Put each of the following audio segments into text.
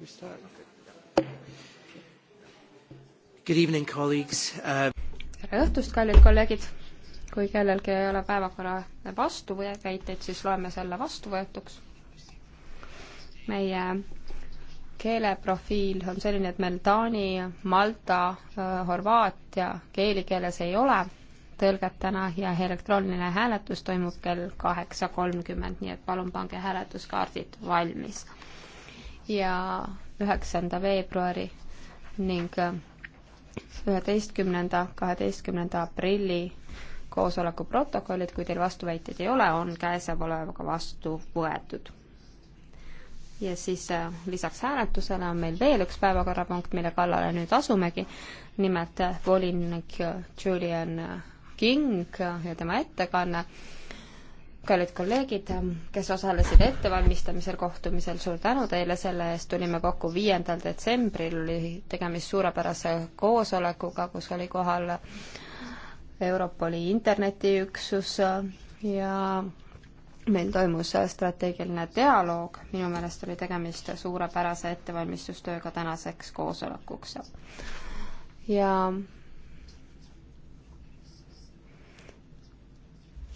We start. Good evening, colleagues uh.... tere õhtust, kallid kolleegid. kui kellelgi ei ole päevakorra vastu või väiteid, siis loeme selle vastuvõetuks. meie keeleprofiil on selline, et meil taani, malta, horvaatia keeli keeles ei ole tõlget täna ja elektrooniline hääletus toimub kell kaheksa kolmkümmend, nii et palun pange hääletuskaardid valmis ja üheksanda veebruari ning äh, üheteistkümnenda, kaheteistkümnenda aprilli koosoleku protokollid, kui teil vastuväiteid ei ole, on käesolevaga vastu võetud. ja siis äh, lisaks hääletusele on meil veel üks päevakorrapunkt, mille kallale nüüd asumegi, nimelt äh, volinik Julian King ja tema ettekanne kallid kolleegid, kes osalesid ettevalmistamisel kohtumisel, suur tänu teile selle eest, tulime kokku viiendal detsembril, oli tegemist suurepärase koosolekuga, kus oli kohal Europoli internetiüksus ja meil toimus strateegiline dialoog, minu meelest oli tegemist suurepärase ettevalmistustööga tänaseks koosolekuks. ja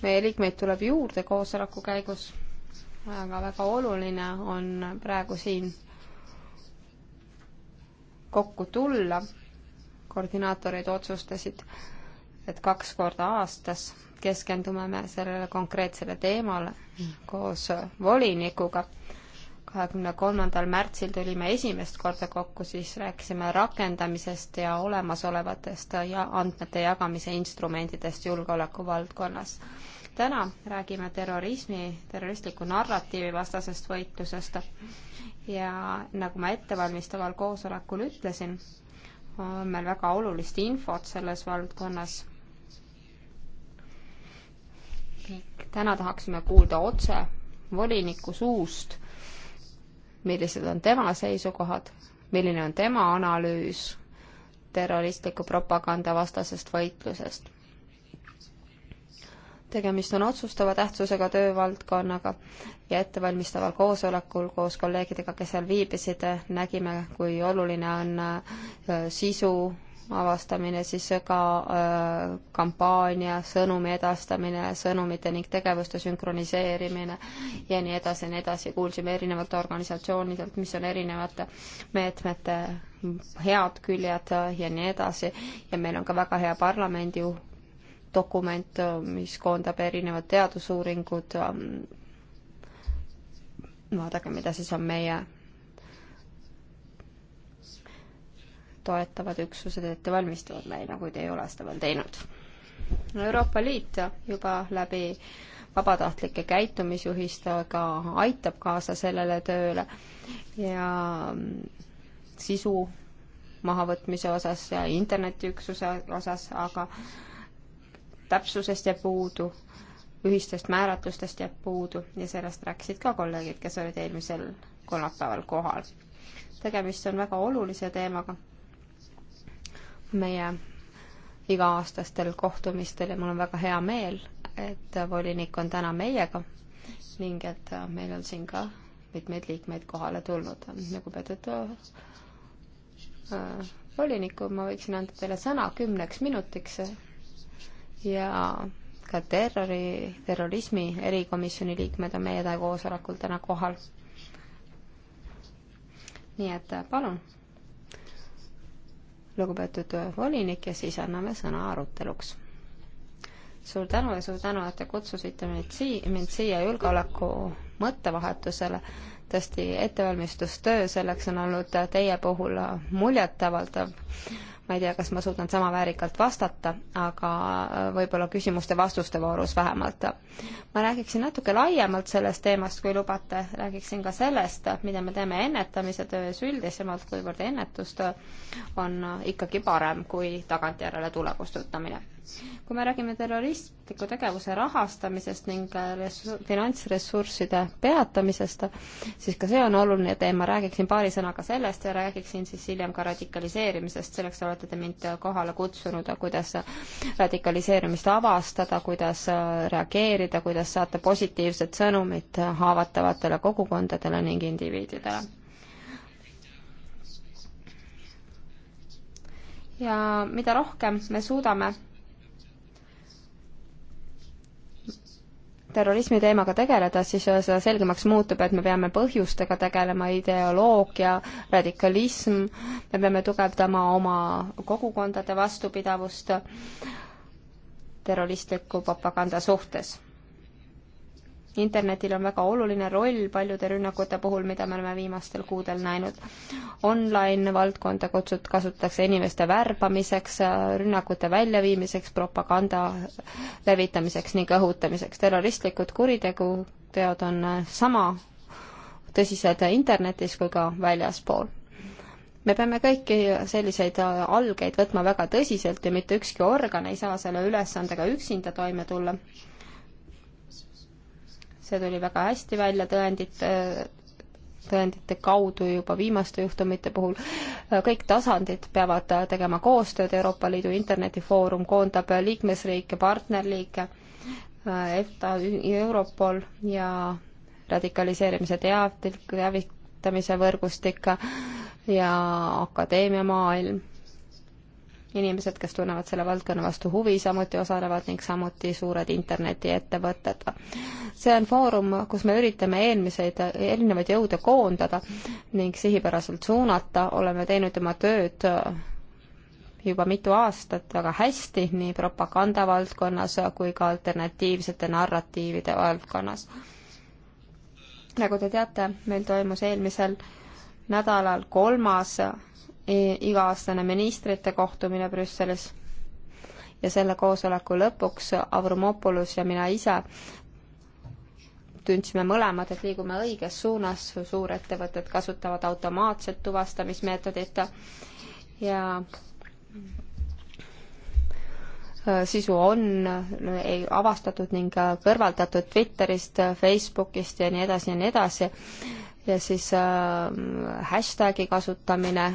meie liikmeid tuleb juurde koosoleku käigus, aga väga oluline on praegu siin kokku tulla. koordinaatorid otsustasid, et kaks korda aastas keskendume me sellele konkreetsele teemale koos volinikuga kahekümne kolmandal märtsil tulime esimest korda kokku, siis rääkisime rakendamisest ja olemasolevatest ja andmete jagamise instrumentidest julgeoleku valdkonnas. täna räägime terrorismi, terroristliku narratiivi vastasest võitlusest ja nagu ma ettevalmistaval koosolekul ütlesin, on meil väga olulist infot selles valdkonnas. täna tahaksime kuulda otse voliniku suust millised on tema seisukohad, milline on tema analüüs terroristliku propaganda vastasest võitlusest. tegemist on otsustava tähtsusega töövaldkonnaga ja ettevalmistaval koosolekul koos kolleegidega, kes seal viibisid, nägime, kui oluline on äh, sisu avastamine, siis ka äh, kampaania, sõnumi edastamine, sõnumite ning tegevuste sünkroniseerimine ja nii edasi ja nii edasi. kuulsime erinevate organisatsioonidelt, mis on erinevate meetmete head küljed ja nii edasi ja meil on ka väga hea parlamendi dokument, mis koondab erinevad teadusuuringud. vaadake, mida siis on meie toetavad üksused ette valmistuvad meile, nagu kuid ei ole seda veel teinud. Euroopa Liit juba läbi vabatahtlike käitumisjuhistega aitab kaasa sellele tööle ja sisu mahavõtmise osas ja internetiüksuse osas, aga täpsusest jääb puudu, ühistest määratlustest jääb puudu ja sellest rääkisid ka kolleegid, kes olid eelmisel kolmapäeval kohal. tegemist on väga olulise teemaga meie iga-aastastel kohtumistel ja mul on väga hea meel, et volinik on täna meiega ning et meil on siin ka mitmeid liikmeid kohale tulnud. lugupeetud äh, volinikku, ma võiksin anda teile sõna kümneks minutiks ja ka terrori, terrorismi erikomisjoni liikmed on meie koosolekul täna kohal. nii et äh, palun lugupeetud äh, volinik ja siis anname sõna aruteluks. suur tänu ja suur tänu, et te kutsusite mind siia, mind siia julgeoleku mõttevahetusele. tõesti, ettevalmistustöö selleks on olnud äh, teie puhul äh, muljetavaldav ma ei tea, kas ma suudan sama väärikalt vastata, aga äh, võib-olla küsimuste-vastuste voorus vähemalt. ma räägiksin natuke laiemalt sellest teemast, kui lubate, räägiksin ka sellest, mida me teeme ennetamise töös üldisemalt, kuivõrd ennetust on ikkagi parem kui tagantjärele tule kustutamine kui me räägime terroristliku tegevuse rahastamisest ning äh, finantsressursside peatamisest, siis ka see on oluline teema, räägiksin paari sõnaga sellest ja räägiksin siis hiljem ka radikaliseerimisest, selleks olete te mind äh, kohale kutsunud, äh, kuidas radikaliseerimist avastada, kuidas reageerida, kuidas saata positiivset sõnumit haavatavatele kogukondadele ning indiviididele. ja mida rohkem me suudame terrorismi teemaga tegeleda, siis seda selgemaks muutub, et me peame põhjustega tegelema, ideoloogia, radikalism, me peame tugevdama oma kogukondade vastupidavust terroristliku propaganda suhtes internetil on väga oluline roll paljude rünnakute puhul, mida me oleme viimastel kuudel näinud. Online valdkonda kutsut-, kasutatakse inimeste värbamiseks, rünnakute väljaviimiseks, propaganda levitamiseks ning õhutamiseks. terroristlikud kuriteguteod on sama tõsised internetis kui ka väljaspool me peame kõiki selliseid algeid võtma väga tõsiselt ja mitte ükski organ ei saa selle ülesandega üksinda toime tulla see tuli väga hästi välja tõendite, tõendite kaudu juba viimaste juhtumite puhul. kõik tasandid peavad tegema koostööd, Euroopa Liidu internetifoorum koondab liikmesriike, partnerliike, EFTA, Europol ja radikaliseerimise teav-, teavitamise võrgustik ja akadeemiamaailm inimesed, kes tunnevad selle valdkonna vastu huvi, samuti osalevad ning samuti suured internetiettevõtted. see on foorum, kus me üritame eelmiseid, erinevaid jõude koondada ning sihipäraselt suunata, oleme teinud oma tööd juba mitu aastat väga hästi nii propaganda valdkonnas kui ka alternatiivsete narratiivide valdkonnas. nagu te teate, meil toimus eelmisel nädalal kolmas E, iga-aastane ministrite kohtumine Brüsselis ja selle koosoleku lõpuks Avramopoulos ja mina ise tundsime mõlemad, et liigume õiges suunas, suurettevõtted kasutavad automaatset tuvastamismeetodit ja sisu on ei avastatud ning kõrvaldatud Twitterist, Facebookist ja nii edasi ja nii edasi. ja siis äh, hashtagi kasutamine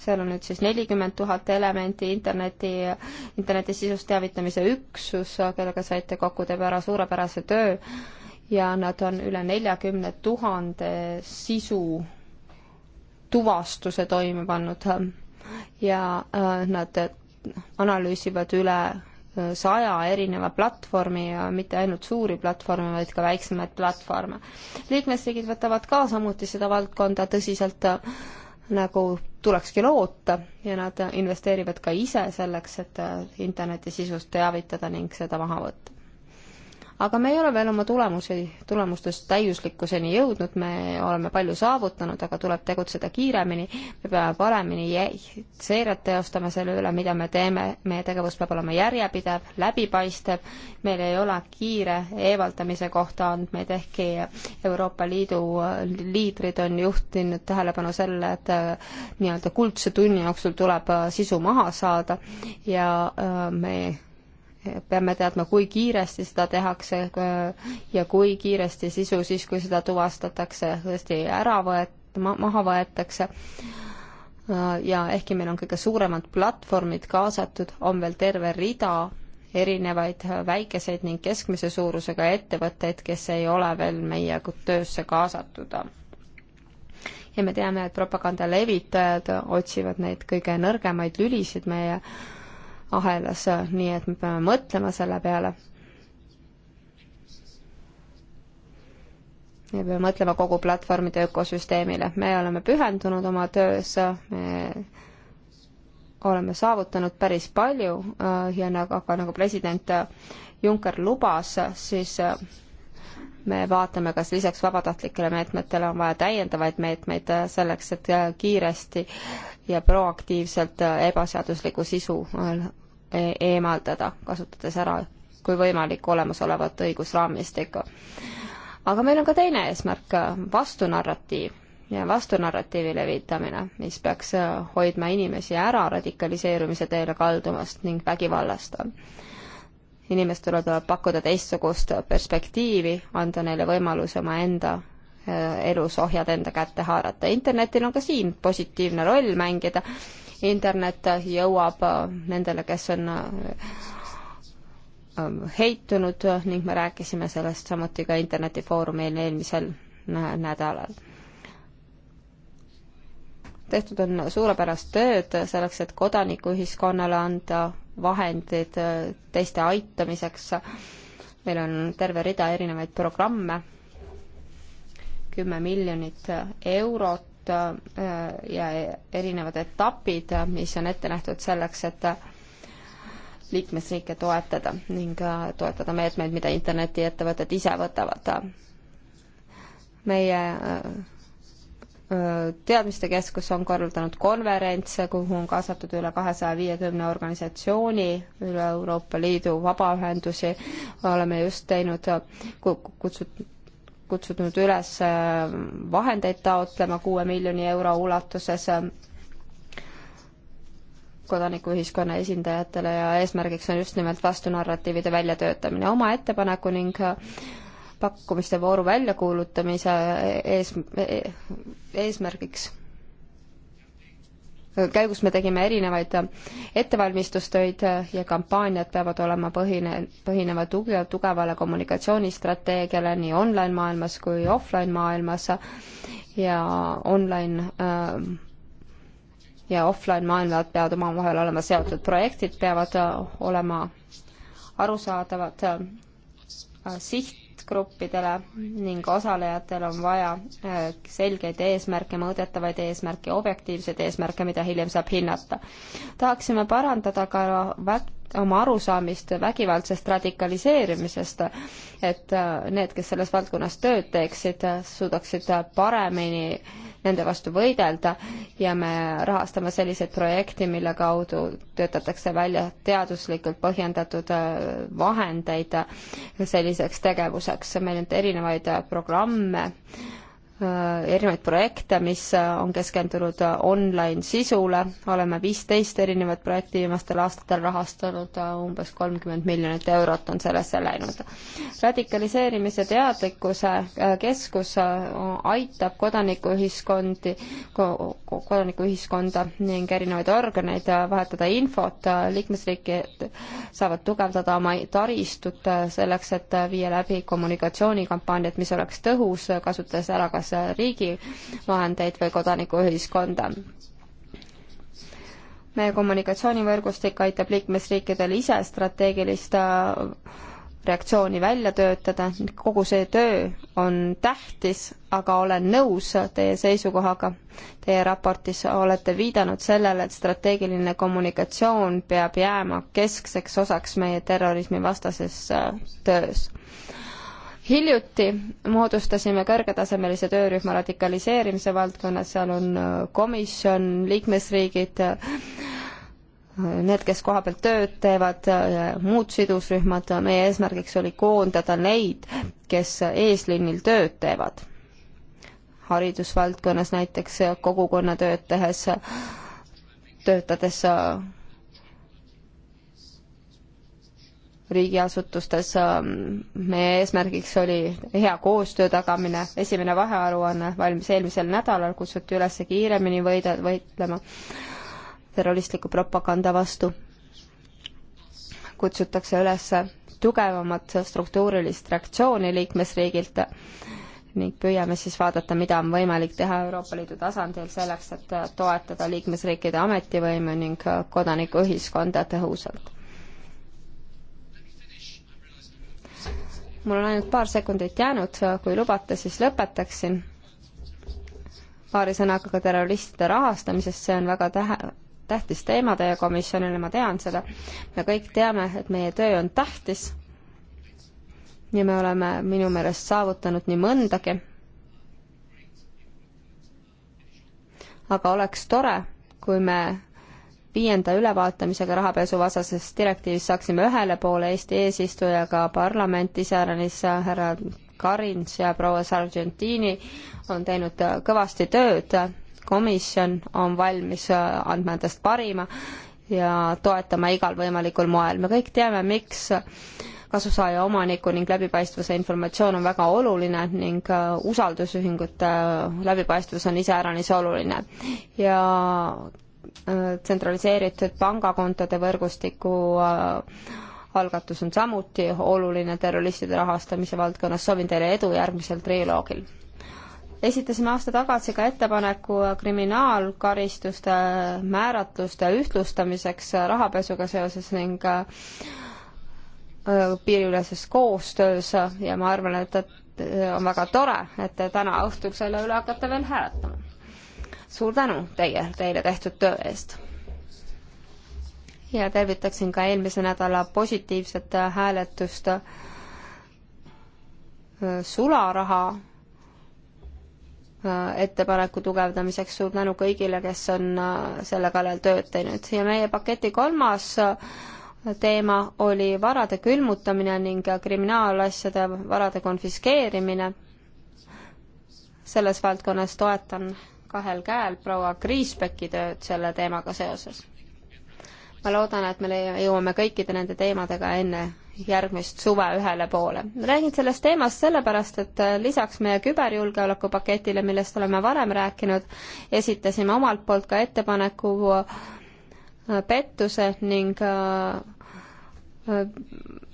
seal on nüüd siis nelikümmend tuhat elementi interneti, interneti sisust teavitamise üksus, kellega saite kokku, teeb ära suurepärase töö ja nad on üle neljakümne tuhande sisu tuvastuse toime pannud ja äh, nad analüüsivad üle äh, saja erineva platvormi ja mitte ainult suuri platvorme, vaid ka väiksemaid platvorme. liikmesriigid võtavad ka samuti seda valdkonda tõsiselt äh, nagu tulekski loota ja nad investeerivad ka ise selleks, et äh, interneti sisust teavitada ning seda maha võtta aga me ei ole veel oma tulemusi, tulemustest täiuslikkuseni jõudnud, me oleme palju saavutanud, aga tuleb tegutseda kiiremini, me peame paremini seiret teostama selle üle, mida me teeme, meie tegevus peab olema järjepidev, läbipaistev, meil ei ole kiire eemaldamise kohta andmeid, ehkki Euroopa Liidu äh, liidrid on juhtinud tähelepanu sellele, et äh, nii-öelda kuldse tunni jooksul tuleb äh, sisu maha saada ja me peame teadma, kui kiiresti seda tehakse ja kui kiiresti sisu siis, kui seda tuvastatakse, tõesti ära võet-, maha võetakse ja ehkki meil on kõige suuremad platvormid kaasatud, on veel terve rida erinevaid väikeseid ning keskmise suurusega ettevõtteid, kes ei ole veel meie töösse kaasatud. ja me teame, et propaganda levitajad otsivad neid kõige nõrgemaid lülisid meie äh, ahelas, nii et me peame mõtlema selle peale. me peame mõtlema kogu platvormide ökosüsteemile, me oleme pühendunud oma töös, me oleme saavutanud päris palju ja nagu, aga nagu president Juncker lubas, siis me vaatame, kas lisaks vabatahtlikele meetmetele on vaja täiendavaid meetmeid selleks, et kiiresti ja proaktiivselt äh, ebaseadusliku sisu äh, e-, eemaldada, kasutades ära kui võimalik olemasolevat õigusraamistikku. aga meil on ka teine eesmärk, äh, vastunarratiiv ja vastunarratiivi levitamine, mis peaks hoidma inimesi ära radikaliseerumise teele kaldumast ning vägivallast. inimestele tuleb pakkuda teistsugust perspektiivi, anda neile võimalus omaenda Äh, elus ohjad enda kätte haarata. internetil on ka siin positiivne roll mängida. internet jõuab äh, nendele, kes on äh, heitunud ning me rääkisime sellest samuti ka internetifoorumil eelmisel nädalal. tehtud on suurepärast tööd selleks, et kodanikuühiskonnale anda vahendid teiste aitamiseks. meil on terve rida erinevaid programme kümme miljonit eurot äh, ja erinevad etapid, mis on ette nähtud selleks, et liikmesriike toetada ning äh, toetada meetmeid, mida internetiettevõtted ise võtavad. meie äh, teadmistekeskus on korraldanud konverentse, kuhu on kaasatud üle kahesaja viiekümne organisatsiooni üle Euroopa Liidu vabaühendusi. oleme just teinud, kutsut-, kutsunud üles äh, vahendeid taotlema kuue miljoni euro ulatuses äh, kodanikuühiskonna esindajatele ja eesmärgiks on just nimelt vastunarratiivide väljatöötamine. oma ettepaneku ning äh, pakkumiste vooru väljakuulutamise ees, e-, eesmärgiks käigus me tegime erinevaid ettevalmistustöid ja kampaaniad peavad olema põhine, põhineva tuge, tugevale kommunikatsioonistrateegiale nii online maailmas kui offline maailmas ja online ja offline maailmad peavad omavahel olema seotud, projektid peavad olema arusaadavad siht, sihtgruppidele ning osalejatel on vaja äh, selgeid eesmärke, mõõdetavaid eesmärke, objektiivseid eesmärke, mida hiljem saab hinnata. tahaksime parandada ka oma arusaamist vägivaldsest radikaliseerimisest, et äh, need, kes selles valdkonnas tööd teeksid, suudaksid paremini nende vastu võidelda ja me rahastame selliseid projekte, mille kaudu töötatakse välja teaduslikult põhjendatud äh, vahendeid selliseks tegevuseks. meil on erinevaid äh, programme Äh, erinevaid projekte, mis äh, on keskendunud äh, online sisule, oleme viisteist erinevat projekti viimastel aastatel rahastanud, umbes kolmkümmend miljonit eurot on sellesse läinud. radikaliseerimise teadlikkuse keskus aitab kodanikuühiskondi, kodanikuühiskonda ning erinevaid organeid vahetada infot, liikmesriigid saavad tugevdada oma taristut selleks, et viia läbi kommunikatsioonikampaaniat, mis oleks tõhus, kasutades ära kas kasutatakse äh, riigi vahendeid või kodanikuühiskonda meie kommunikatsioonivõrgustik aitab liikmesriikidel ise strateegilist äh, reaktsiooni välja töötada, kogu see töö on tähtis, aga olen nõus teie seisukohaga. Teie raportis olete viidanud sellele, et strateegiline kommunikatsioon peab jääma keskseks osaks meie terrorismivastasest äh, töös hiljuti moodustasime kõrgetasemelise töörühma radikaliseerimise valdkonnas, seal on äh, komisjon, liikmesriigid, äh, need, kes kohapeal tööd teevad, äh, muud sidusrühmad, meie eesmärgiks oli koondada neid, kes eesliinil tööd teevad. haridusvaldkonnas näiteks kogukonnatööd tehes, töötades riigiasutustes. Ähm, meie eesmärgiks oli hea koostöö tagamine, esimene vahearuanne valmis eelmisel nädalal, kutsuti üles kiiremini võida, võitlema terroristliku propaganda vastu. kutsutakse üles tugevamat struktuurilist reaktsiooni liikmesriigilt ning püüame siis vaadata, mida on võimalik teha Euroopa Liidu tasandil selleks, et toetada liikmesriikide ametivõime ning kodanikuühiskonda tõhusalt mul on ainult paar sekundit jäänud, kui lubate, siis lõpetaksin paari sõnaga ka terroristide rahastamisest, see on väga tähe-, tähtis teema teie komisjonile, ma tean seda. me kõik teame, et meie töö on tähtis ja me oleme minu meelest saavutanud nii mõndagi. aga oleks tore, kui me viienda ülevaatamisega rahapesuvastases direktiivis saaksime ühele poole Eesti eesistujaga parlament iseäranis härra Karins ja proua Sargentini on teinud kõvasti tööd, komisjon on valmis andma endast parima ja toetama igal võimalikul moel, me kõik teame, miks kasusaaja omaniku ning läbipaistvuse informatsioon on väga oluline ning uh, usaldusühingute uh, läbipaistvus on iseäranis oluline. ja tsentraliseeritud pangakontode võrgustiku äh, algatus on samuti oluline terroristide rahastamise valdkonnas, soovin teile edu järgmisel triloogil. esitasime aasta tagasi ka ettepaneku kriminaalkaristuste määratluste ühtlustamiseks rahapesuga seoses ning äh, äh, piiriüleses koostöös ja ma arvan, et, et on väga tore, et täna õhtul selle üle hakata veel hääletama suur tänu teie, teile tehtud töö eest! ja tervitaksin ka eelmise nädala positiivset hääletust äh, sularaha äh, ettepaneku tugevdamiseks, suur tänu kõigile, kes on äh, selle kallal tööd teinud ja meie paketi kolmas teema oli varade külmutamine ning kriminaalasjade varade konfiskeerimine. selles valdkonnas toetan kahel käel proua Kriisbecki tööd selle teemaga seoses. ma loodan, et me jõuame kõikide nende teemadega enne järgmist suve ühele poole. räägin sellest teemast sellepärast, et lisaks meie küberjulgeoleku paketile, millest oleme varem rääkinud, esitasime omalt poolt ka ettepaneku äh, pettuse ning äh,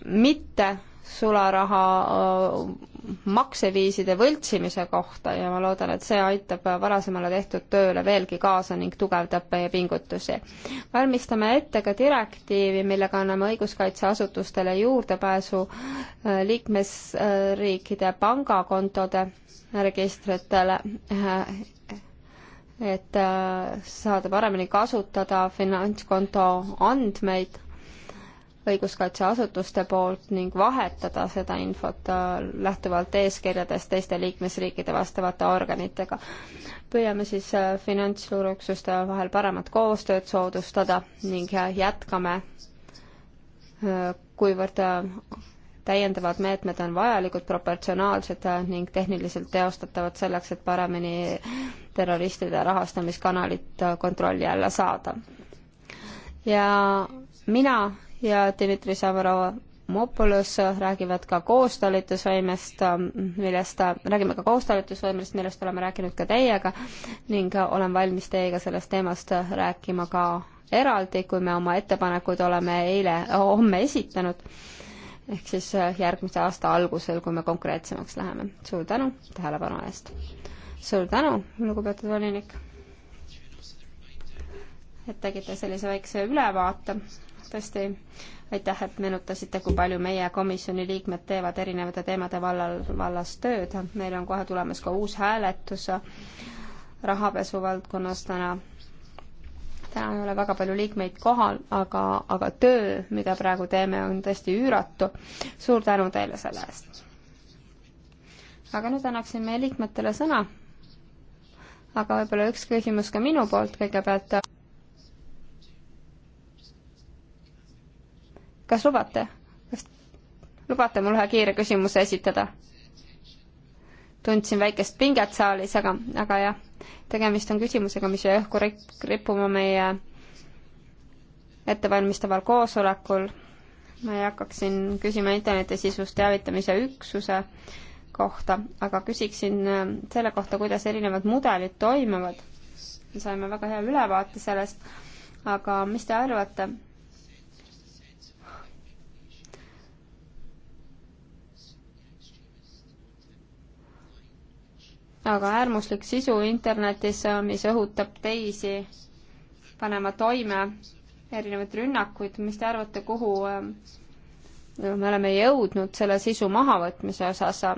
mitte sularaha äh, makseviiside võltsimise kohta ja ma loodan, et see aitab varasemale tehtud tööle veelgi kaasa ning tugevdab meie pingutusi. valmistame ette ka direktiivi, millega anname õiguskaitseasutustele juurdepääsu äh, liikmesriikide pangakontode registritele, äh, et saada paremini kasutada finantskonto andmeid õiguskaitseasutuste poolt ning vahetada seda infot äh, lähtuvalt eeskirjadest teiste liikmesriikide vastavate organitega. püüame siis äh, finantsluureüksuste vahel paremat koostööd soodustada ning äh, jätkame, kuivõrd täiendavad meetmed on vajalikud, proportsionaalsed ning tehniliselt teostatavad selleks, et paremini terroristide rahastamiskanalit kontrolli alla saada. ja mina ja Dmitri Savramopolos räägivad ka koostalitusvõimest, ähm, millest, äh, räägime ka koostalitusvõimest, millest oleme rääkinud ka teiega ning äh, olen valmis teiega sellest teemast äh, rääkima ka eraldi, kui me oma ettepanekud oleme eile, homme esitanud. ehk siis järgmise aasta algusel, kui me konkreetsemaks läheme. suur tänu tähelepanu eest! suur tänu, lugupeetud volinik! et tegite sellise väikse ülevaate tõesti aitäh, et meenutasite, kui palju meie komisjoni liikmed teevad erinevate teemade vallal, vallas tööd. meil on kohe tulemas ka uus hääletus rahapesu valdkonnas täna. täna ei ole väga palju liikmeid kohal, aga, aga töö, mida praegu teeme, on tõesti üüratu. suur tänu teile selle eest. aga nüüd annaksin meie liikmetele sõna. aga võib-olla üks küsimus ka minu poolt kõigepealt kas lubate? kas lubate mul ühe kiire küsimuse esitada? tundsin väikest pinget saalis, aga, aga jah, tegemist on küsimusega, mis jäi õhku rippuma meie ettevalmistaval koosolekul. ma ei hakkaks siin küsima interneti sisust teavitamise üksuse kohta, aga küsiksin ähm, selle kohta, kuidas erinevad mudelid toimivad. saime väga hea ülevaate sellest, aga mis te arvate, aga äärmuslik sisu internetis, äh, mis õhutab teisi panema toime erinevaid rünnakuid, mis te arvate, kuhu äh, me oleme jõudnud selle sisu mahavõtmise osas? Äh,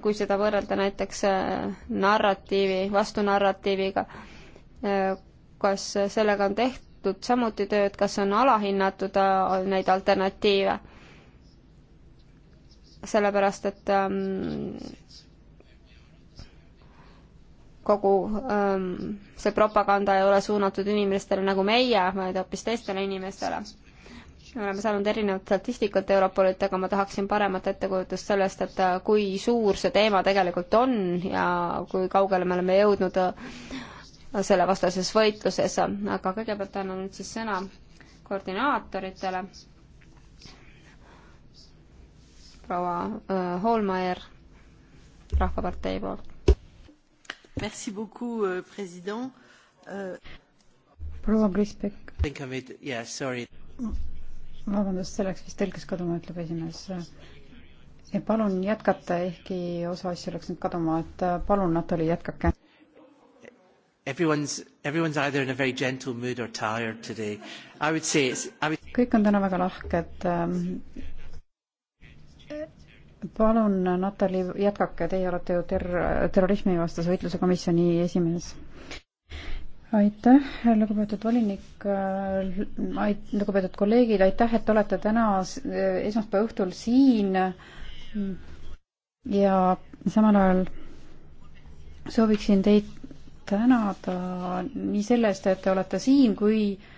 kui seda võrrelda näiteks narratiivi, vastunarratiiviga, kas sellega on tehtud samuti tööd, kas on alahinnatud neid alternatiive? sellepärast et ähm, kogu ähm, see propaganda ei ole suunatud inimestele nagu meie, vaid hoopis teistele inimestele. me oleme saanud erinevat statistikat Europolilt, aga ma tahaksin paremat ettekujutust sellest, et äh, kui suur see teema tegelikult on ja kui kaugele me oleme jõudnud äh, selle vastases võitluses, aga kõigepealt annan nüüd siis sõna koordinaatoritele proua äh, Hoolmeier Rahvapartei poolt. Merci beaucoup, euh, president äh.... Euh, proua Krispek. Yeah, sorry. vabandust, see läks vist tõlkes kaduma, ütleb esimees. palun jätkata, ehkki osa asju läks nüüd kaduma, et äh, palun, Natali, jätkake. Everyone's, everyone's either in a very gentle mood or tired today. I would say it's, I would kõik on täna väga lahked ähm, palun, Natali, jätkake, teie olete ju ter-, terrorismivastase võitluse komisjoni esimees aitäh, lugupeetud volinik, lugupeetud kolleegid, aitäh, et olete täna esmaspäeva õhtul siin. ja samal ajal sooviksin teid tänada nii selle eest, et te olete siin, kui äh,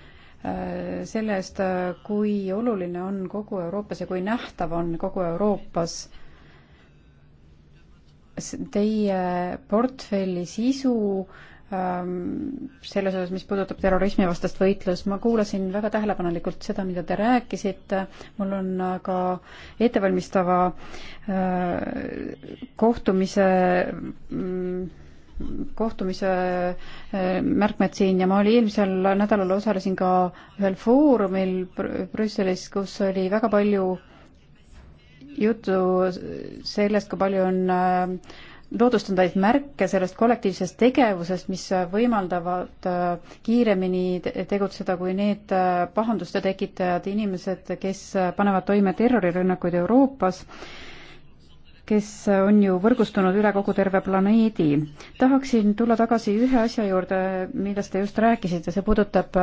Äh, selle eest, äh, kui oluline on kogu Euroopas ja kui nähtav on kogu Euroopas teie portfelli sisu ähm, selles osas, mis puudutab terrorismivastast võitlust, ma kuulasin väga tähelepanelikult seda, mida te rääkisite, mul on äh, ka ettevalmistava kohtumise mm, kohtumise eh, märkmed siin ja ma oli eelmisel nädalal osalesin ka ühel foorumil Brüsselis, kus oli väga palju juttu sellest, kui palju on eh, loodustandvaid märke sellest kollektiivsest tegevusest, mis võimaldavad eh, kiiremini tegutseda kui need pahanduste tekitajad, inimesed, kes panevad toime terrorirünnakuid Euroopas kes on ju võrgustunud üle kogu terve planeedi. tahaksin tulla tagasi ühe asja juurde, millest te just rääkisite, see puudutab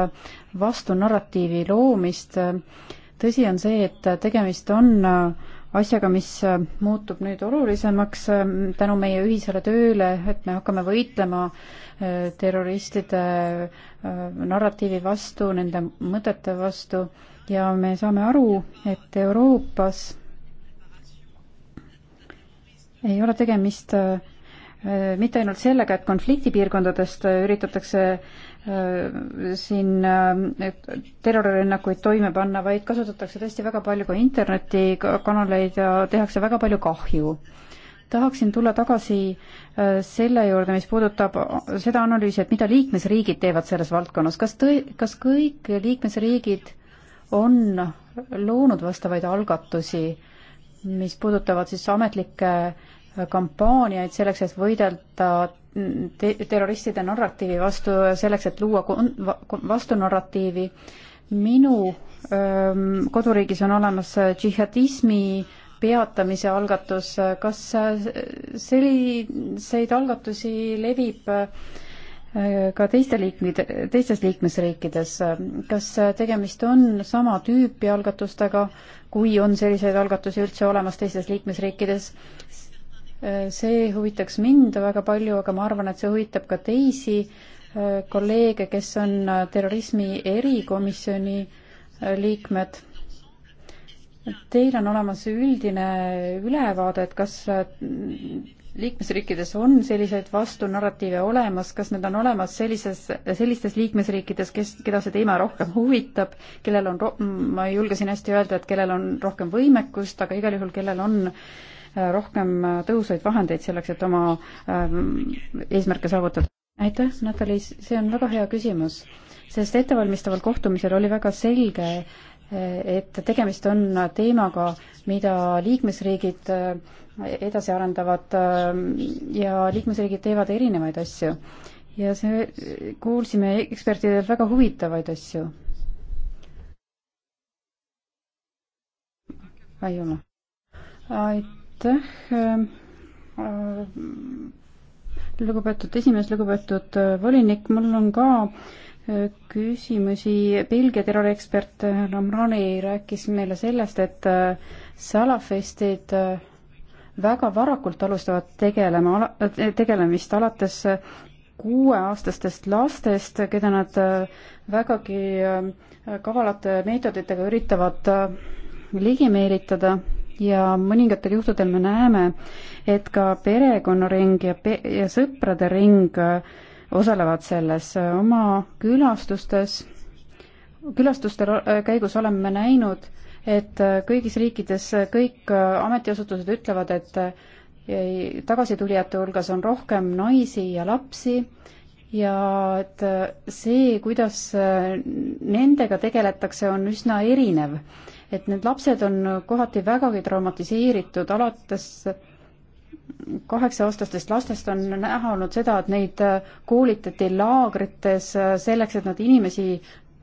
vastunarratiivi loomist. tõsi on see, et tegemist on asjaga, mis muutub nüüd olulisemaks tänu meie ühisele tööle, et me hakkame võitlema äh, terroristide äh, narratiivi vastu, nende mõtete vastu ja me saame aru, et Euroopas ei ole tegemist äh, mitte ainult sellega, et konfliktipiirkondadest äh, üritatakse äh, siin terrorirünnakuid toime panna, vaid kasutatakse tõesti väga palju ka internetikanaleid ja tehakse väga palju kahju. tahaksin tulla tagasi selle juurde, mis puudutab seda analüüsi, et mida liikmesriigid teevad selles valdkonnas. kas tõi-, kas kõik liikmesriigid on loonud vastavaid algatusi äh, mis puudutavad siis ametlikke kampaaniaid selleks, et võidelda te terroristide narratiivi vastu, selleks, et luua kon-, vastunarratiivi. minu öö, koduriigis on olemas džihadismi peatamise algatus, kas äh, selliseid algatusi levib öö, ka teiste liikmid, teistes liikmesriikides. kas tegemist on sama tüüpi algatustega, kui on selliseid algatusi üldse olemas teistes liikmesriikides? see huvitaks mind väga palju, aga ma arvan, et see huvitab ka teisi äh, kolleege, kes on äh, terrorismi erikomisjoni äh, liikmed. Teil on olemas üldine ülevaade, et kas liikmesriikides on selliseid vastunarratiive olemas, kas need on olemas sellises, sellistes liikmesriikides, kes, keda see teema rohkem huvitab, kellel on ro-, mm, ma ei julge siin hästi öelda, et kellel on rohkem võimekust, aga igal juhul, kellel on äh, rohkem äh, tõhusaid vahendeid selleks, et oma ähm, eesmärke saavutada. aitäh, Natali, see on väga hea küsimus, sest ettevalmistaval kohtumisel oli väga selge, äh, et tegemist on teemaga, mida liikmesriigid edasi arendavad ähm, ja liikmesriigid teevad erinevaid asju. ja see, kuulsime ekspertidelt väga huvitavaid asju. ei ole. aitäh, ähm, äh, lugupeetud esimees, lugupeetud äh, volinik, mul on ka äh, küsimusi. Belgia terroriekspert Lamrani rääkis meile sellest, et salafestid äh, väga varakult alustavad tegelema, tegelemist alates kuueaastastest lastest, keda nad äh, vägagi äh, kavalate meetoditega üritavad äh, ligi meelitada ja mõningatel juhtudel me näeme, et ka perekonnaring ja pe-, ja sõprade ring osalevad selles oma külastustes, külastuste käigus oleme näinud, et äh, kõigis riikides äh, kõik äh, ametiasutused ütlevad, et tagasitulijate hulgas on rohkem naisi ja lapsi ja et see, kuidas nendega tegeletakse, on üsna erinev. et need lapsed on kohati vägagi traumatiseeritud, alates kaheksa-aastastest lastest on näha olnud seda, et neid koolitati laagrites selleks, et nad inimesi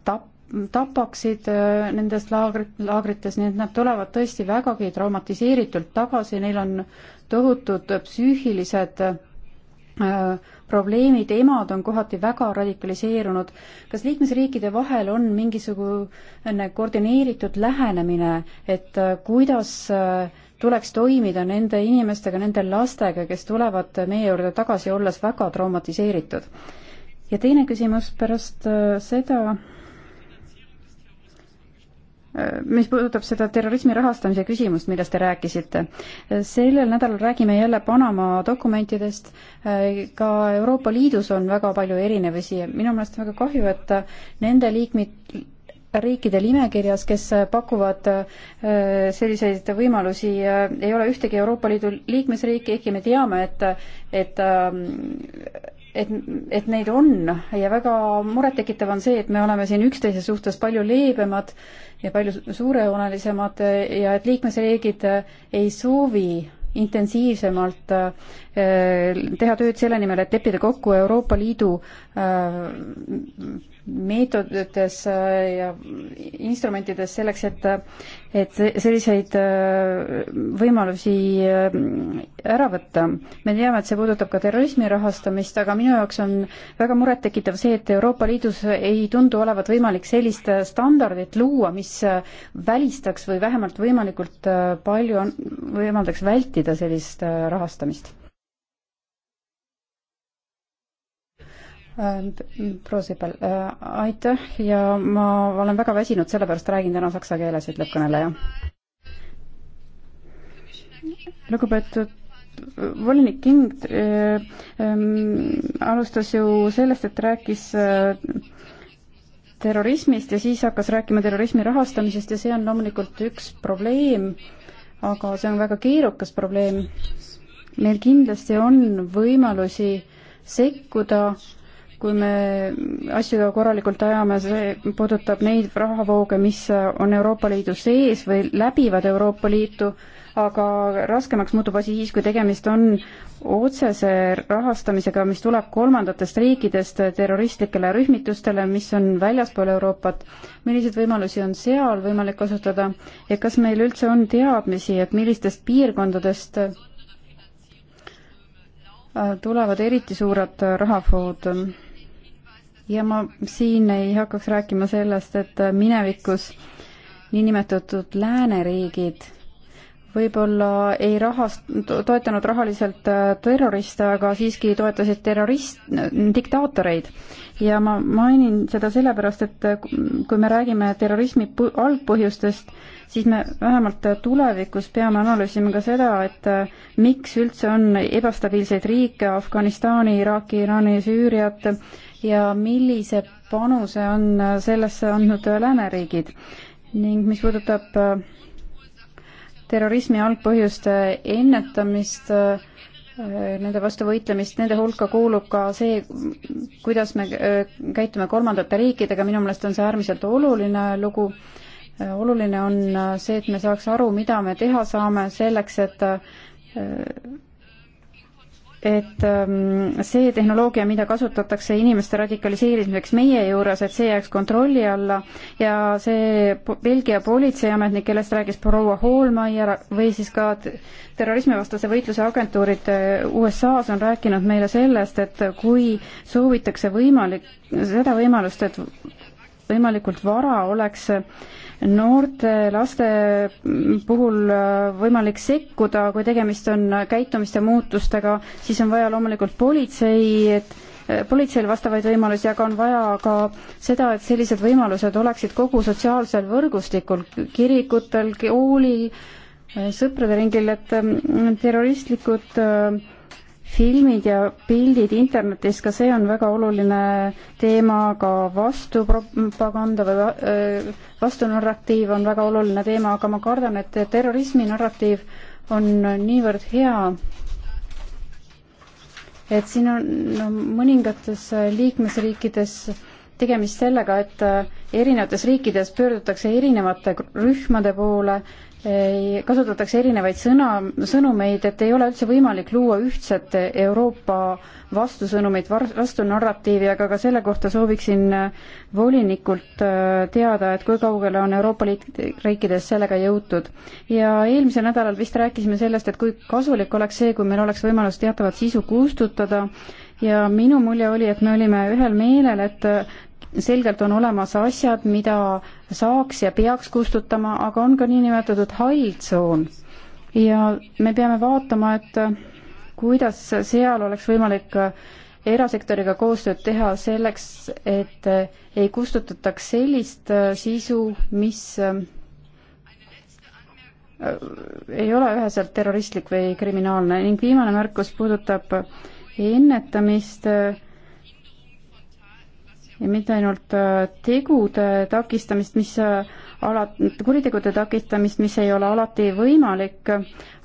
tappa tapaksid äh, nendes laagri-, laagrites, nii et nad tulevad tõesti vägagi traumatiseeritult tagasi, neil on tohutud psüühilised äh, probleemid, emad on kohati väga radikaliseerunud. kas liikmesriikide vahel on mingisugune koordineeritud lähenemine, et äh, kuidas tuleks toimida nende inimestega, nende lastega, kes tulevad meie juurde tagasi, olles väga traumatiseeritud? ja teine küsimus pärast seda, mis puudutab seda terrorismi rahastamise küsimust, millest te rääkisite, sellel nädalal räägime jälle Panama dokumentidest, ka Euroopa Liidus on väga palju erinevusi ja minu meelest on väga kahju, et nende liikmed, riikide nimekirjas, kes pakuvad äh, selliseid võimalusi, äh, ei ole ühtegi Euroopa Liidu liikmesriiki, ehkki me teame, et, et ähm, et, et neid on ja väga murettekitav on see, et me oleme siin üksteise suhtes palju leebemad ja palju suurejoonelisemad ja et liikmesriigid ei soovi intensiivsemalt äh, teha tööd selle nimel, et leppida kokku Euroopa Liidu äh, meetodites äh, ja instrumentides selleks, et, et selliseid äh, võimalusi äh, ära võtta. me teame, et see puudutab ka terrorismi rahastamist, aga minu jaoks on väga murettekitav see, et Euroopa Liidus ei tundu olevat võimalik sellist standardit luua, mis välistaks või vähemalt võimalikult palju on, võimaldaks vältida sellist rahastamist proua Sipel, äh, aitäh ja ma olen väga väsinud, sellepärast räägin täna saksa keeles, ütleb kõneleja. lugupeetud volinik King äh, äh, alustas ju sellest, et rääkis äh, terrorismist ja siis hakkas rääkima terrorismi rahastamisest ja see on loomulikult üks probleem, aga see on väga keerukas probleem. meil kindlasti on võimalusi sekkuda äh, kui me asju korralikult ajame, see puudutab neid rahavooge, mis on Euroopa Liidu sees või läbivad Euroopa Liitu, aga raskemaks muutub asi siis, kui tegemist on otsese rahastamisega, mis tuleb kolmandatest riikidest terroristlikele rühmitustele, mis on väljaspool Euroopat. milliseid võimalusi on seal võimalik kasutada ja kas meil üldse on teadmisi, et millistest piirkondadest äh, tulevad eriti suured rahavood? ja ma siin ei hakkaks rääkima sellest, et minevikus niinimetatud lääneriigid võib-olla ei rahast-, toetanud rahaliselt äh, terroriste, aga siiski toetasid terrorist-, diktaatoreid. ja ma mainin seda sellepärast, et äh, kui me räägime terrorismi algpõhjustest, siis me vähemalt äh, tulevikus peame analüüsima ka seda, et miks üldse on ebastabiilseid riike, Afganistani, Iraaki, Iraani, Süüriat, ja millise panuse on sellesse andnud lääneriigid ning mis puudutab äh, terrorismi algpõhjuste ennetamist, äh, nende vastu võitlemist, nende hulka kuulub ka see, kuidas me äh, käitume kolmandate riikidega, minu meelest on see äärmiselt oluline lugu. oluline on see, et me saaks aru, mida me teha saame selleks, et et ähm, see tehnoloogia, mida kasutatakse inimeste radikaliseerimiseks meie juures, et see jääks kontrolli alla ja see Belgia politseiametnik, kellest rääkis proua Hallmeier või siis ka terrorismivastase võitluse agentuurid äh, USA-s on rääkinud meile sellest, et kui soovitakse võimalik, seda võimalust, et võimalikult vara oleks äh, noorte laste puhul äh, võimalik sekkuda, kui tegemist on käitumiste muutustega, siis on vaja loomulikult politsei, et äh, politseil vastavaid võimalusi, aga on vaja ka seda, et sellised võimalused oleksid kogu sotsiaalsel võrgustikul, kirikutel, kooli, äh, sõprade ringil, et ähm, terroristlikud filmid ja pildid internetis, ka see on väga oluline teema, ka vastupropaganda või vastunarratiiv on väga oluline teema, aga ma kardan, et terrorismi narratiiv on niivõrd hea, et siin on no, mõningates liikmesriikides tegemist sellega, et erinevates riikides pöördutakse erinevate rühmade poole äh, kasutatakse erinevaid sõna, sõnumeid, et ei ole üldse võimalik luua ühtset Euroopa vastusõnumit, vastunarratiivi, aga ka selle kohta sooviksin äh, volinikult äh, teada, et kui kaugele on Euroopa Liit riikides sellega jõutud. ja eelmisel nädalal vist rääkisime sellest, et kui kasulik oleks see, kui meil oleks võimalus teatavat sisu kustutada ja minu mulje oli, et me olime ühel meelel, et selgelt on olemas asjad, mida saaks ja peaks kustutama, aga on ka niinimetatud hall tsoon. ja me peame vaatama, et kuidas seal oleks võimalik erasektoriga koostööd teha selleks, et ei kustutataks sellist sisu, mis äh, ei ole üheselt terroristlik või kriminaalne ning viimane märkus puudutab ennetamist äh, ja mitte ainult äh, tegude takistamist, mis äh, ala-, kuritegude takistamist, mis ei ole alati võimalik,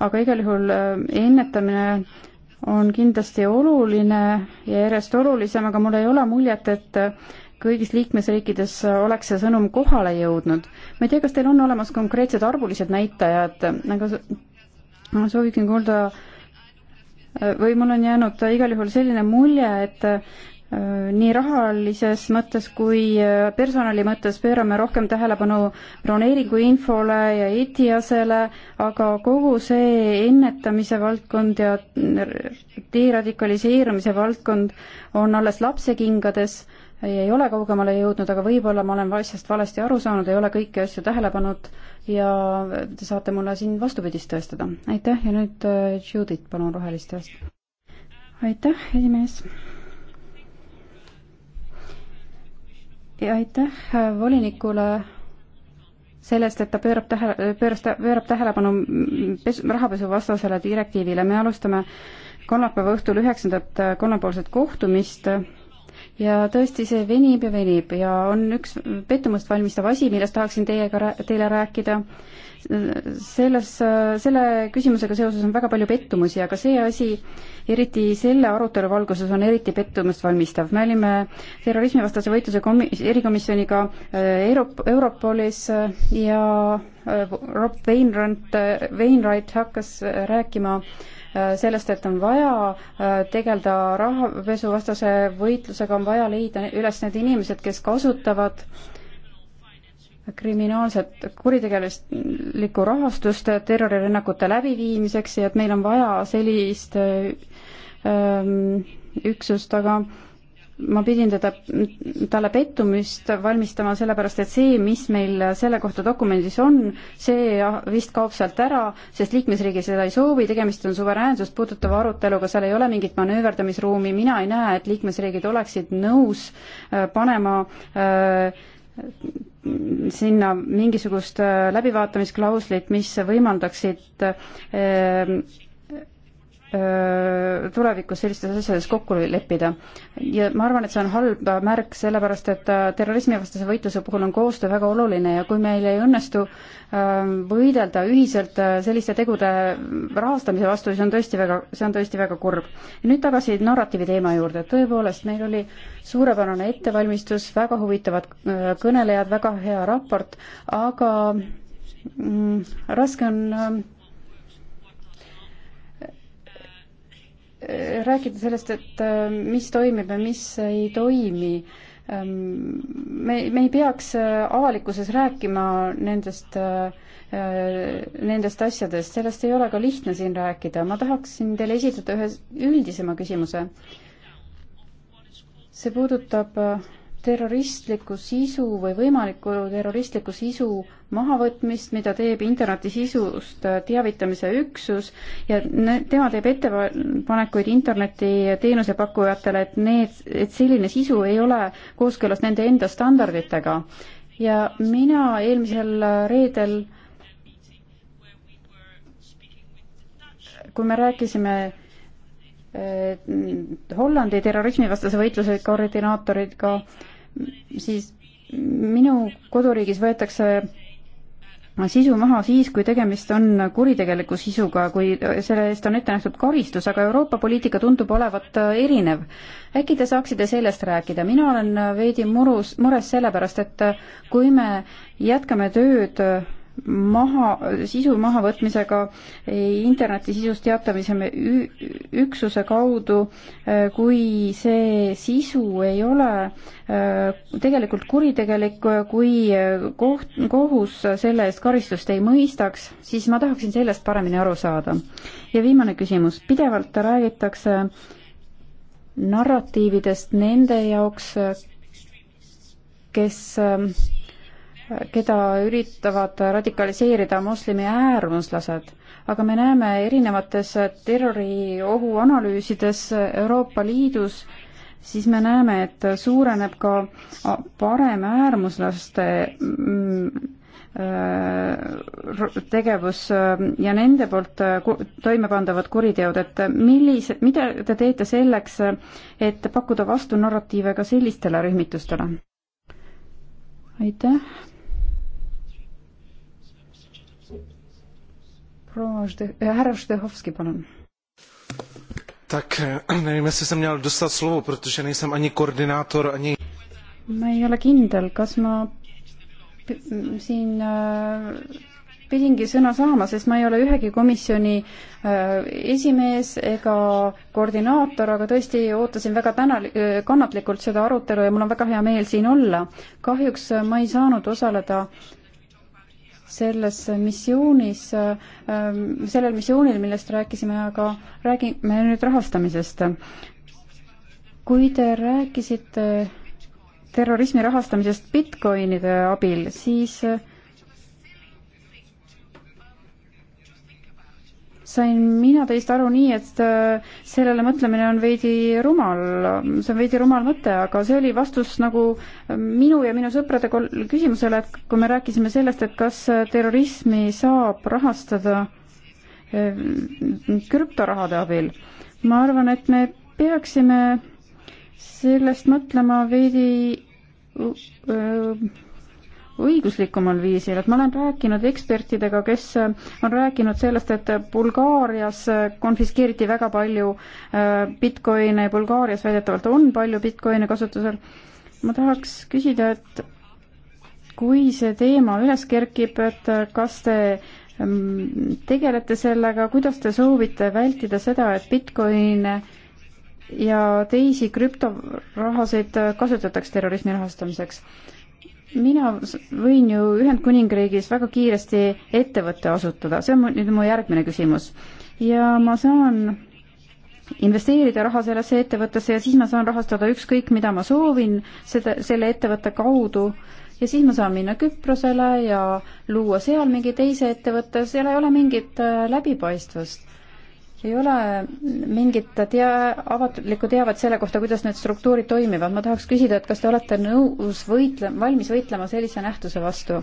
aga igal juhul äh, ennetamine on kindlasti oluline ja järjest olulisem, aga mul ei ole muljet, et kõigis liikmesriikides oleks see sõnum kohale jõudnud. ma ei tea, kas teil on olemas konkreetsed arvulised näitajad, aga ma sooviksin kuulda või mul on jäänud igal juhul selline mulje, et Äh, nii rahalises mõttes kui äh, personali mõttes pöörame rohkem tähelepanu broneeringuinfole ja ETIAS-ele, aga kogu see ennetamise valdkond ja deradikaliseerumise valdkond on alles lapsekingades, ei ole kaugemale jõudnud, aga võib-olla ma olen asjast valesti aru saanud, ei ole kõiki asju tähele pannud ja te saate mulle siin vastupidist tõestada. aitäh ja nüüd äh, Judith, palun rohelistest. aitäh, esimees ja aitäh äh, volinikule sellest, et ta pöörab tähele, pööras, pöörab tähelepanu pes-, rahapesuvastasele direktiivile, me alustame kolmapäeva õhtul üheksandat äh, kolmepoolset kohtumist ja tõesti, see venib ja venib ja on üks pettumust valmistav asi, millest tahaksin teiega, teile rääkida. selles, selle küsimusega seoses on väga palju pettumusi, aga see asi, eriti selle arutelu valguses, on eriti pettumust valmistav. me olime terrorismivastase võitluse komi-, erikomisjoniga äh, Europ-, Europolis äh, ja äh, Rob Weinrand, Weinreit hakkas rääkima äh, Äh, sellest, et on vaja äh, tegeleda rahapesuvastase võitlusega, on vaja leida üles need inimesed, kes kasutavad kriminaalset kuritegelikku rahastust terrorirünnakute läbiviimiseks ja et meil on vaja sellist öö, äh, ähm, üksust, aga ma pidin teda, talle pettumist valmistama, sellepärast et see, mis meil selle kohta dokumendis on, see vist kaob sealt ära, sest liikmesriigi seda ei soovi, tegemist on suveräänsust puudutava aruteluga, seal ei ole mingit manööverdamisruumi, mina ei näe, et liikmesriigid oleksid nõus äh, panema äh, sinna mingisugust äh, läbivaatamisklauslit, mis võimaldaksid äh, tulevikus sellistes asjades kokku leppida. ja ma arvan, et see on halb märk, sellepärast et äh, terrorismivastase võitluse puhul on koostöö väga oluline ja kui meil ei õnnestu ähm, võidelda ühiselt äh, selliste tegude rahastamise vastu, siis on tõesti väga, see on tõesti väga kurb. nüüd tagasi narratiivi teema juurde, tõepoolest, meil oli suurepärane ettevalmistus, väga huvitavad äh, kõnelejad, väga hea raport, aga mm, raske on ähm, rääkida sellest, et äh, mis toimib ja mis ei toimi. Ähm, me, me ei peaks äh, avalikkuses rääkima nendest, äh, nendest asjadest, sellest ei ole ka lihtne siin rääkida. ma tahaksin teile esitada ühe üldisema küsimuse. see puudutab äh, terroristliku sisu või võimaliku terroristliku sisu mahavõtmist, mida teeb interneti sisust äh, teavitamise üksus ja tema teeb ettepanekuid interneti teenusepakkujatele, et need, et selline sisu ei ole kooskõlas nende enda standarditega. ja mina eelmisel äh, reedel, kui me rääkisime äh, Hollandi terrorismivastase võitluse koordinaatoriga, siis minu koduriigis võetakse sisu maha siis, kui tegemist on kuritegeliku sisuga, kui selle eest on ette nähtud karistus, aga Euroopa poliitika tundub olevat erinev. äkki te saaksite sellest rääkida, mina olen veidi murus, mures sellepärast, et kui me jätkame tööd maha, sisu mahavõtmisega, interneti sisust teatamise üksuse kaudu, äh, kui see sisu ei ole äh, tegelikult kuritegelik, äh, kui koht, kohus selle eest karistust ei mõistaks, siis ma tahaksin sellest paremini aru saada. ja viimane küsimus, pidevalt räägitakse narratiividest nende jaoks, kes, keda üritavad radikaliseerida moslemi äärmuslased aga me näeme erinevates terroriohu analüüsides Euroopa Liidus, siis me näeme, et suureneb ka paremäärmuslaste mm, äh, tegevus ja nende poolt äh, toimepandavad kuriteod, et millise, mida te teete selleks, et pakkuda vastunarratiive ka sellistele rühmitustele? aitäh proua Šte-, härra eh, Štehovski, palun. Tak eh, nevím, jestli jsem měl dostat slovo, protože nejsem ani koordinátor, ani... Ma ei ole kindel, kas ma siin eh, pidingi sõna saama, sest ma ei ole ühegi komisjoni esimees ega koordinaator, aga tõesti ootasin väga täna, kannatlikult seda arutelu ja mul on väga hea meel siin olla. kahjuks ma ei saanud osaleda äh, selles missioonis, ähm, sellel missioonil, millest rääkisime, aga räägime nüüd rahastamisest. kui te rääkisite terrorismi rahastamisest Bitcoinide abil, siis äh, sain mina teist aru nii, et äh, sellele mõtlemine on veidi rumal, see on veidi rumal mõte, aga see oli vastus nagu äh, minu ja minu sõprade küsimusele, et kui me rääkisime sellest, et kas äh, terrorismi saab rahastada krüptorahade abil. ma arvan, et me peaksime sellest mõtlema veidi õiguslikumal viisil, et ma olen rääkinud ekspertidega, kes on rääkinud sellest, et Bulgaarias konfiskeeriti väga palju äh, Bitcoine, Bulgaarias väidetavalt on palju Bitcoine kasutusel. ma tahaks küsida, et kui see teema üles kerkib, et kas te mm, tegelete sellega, kuidas te soovite vältida seda, et Bitcoine ja teisi krüptorahasid kasutatakse terrorismi rahastamiseks? mina võin ju Ühendkuningriigis väga kiiresti ettevõtte asutada, see on nüüd mu järgmine küsimus. ja ma saan investeerida raha sellesse ettevõttesse ja siis ma saan rahastada ükskõik, mida ma soovin seda, selle ettevõtte kaudu ja siis ma saan minna Küprosele ja luua seal mingi teise ettevõtte, seal ei ole mingit äh, läbipaistvust ei ole mingit tea-, avalikku teavet selle kohta, kuidas need struktuurid toimivad. ma tahaks küsida, et kas te olete nõus võitle-, valmis võitlema sellise nähtuse vastu?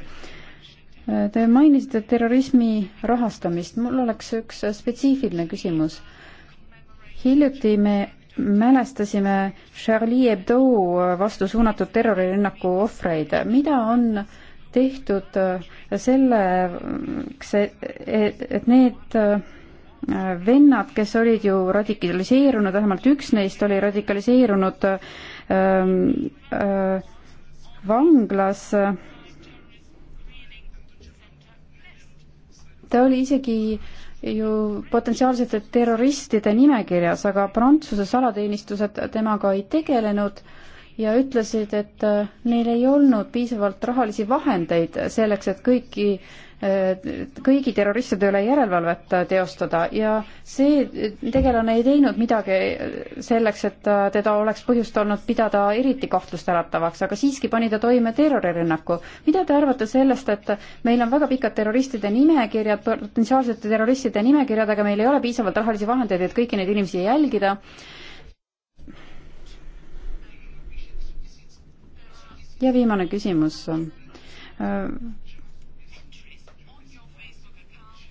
Te mainisite terrorismi rahastamist. mul oleks üks spetsiifiline küsimus. hiljuti me mälestasime Charlie Hebdo vastu suunatud terrorirünnaku ohvreid. mida on tehtud selleks, et need vennad, kes olid ju radikaliseerunud, vähemalt üks neist oli radikaliseerunud ähm, äh, vanglas. ta oli isegi ju potentsiaalsete terroristide nimekirjas, aga Prantsuse salateenistused temaga ei tegelenud ja ütlesid, et äh, neil ei olnud piisavalt rahalisi vahendeid selleks, et kõiki äh, Äh, kõigi terroristide üle järelevalvet äh, teostada ja see äh, tegelane ei teinud midagi selleks, et teda oleks põhjust olnud pidada eriti kahtlust äratavaks, aga siiski pani ta toime terrorirünnaku. mida te arvate sellest, et meil on väga pikad terroristide nimekirjad, potentsiaalsete terroristide nimekirjad, aga meil ei ole piisavalt rahalisi vahendeid, et kõiki neid inimesi jälgida ja viimane küsimus.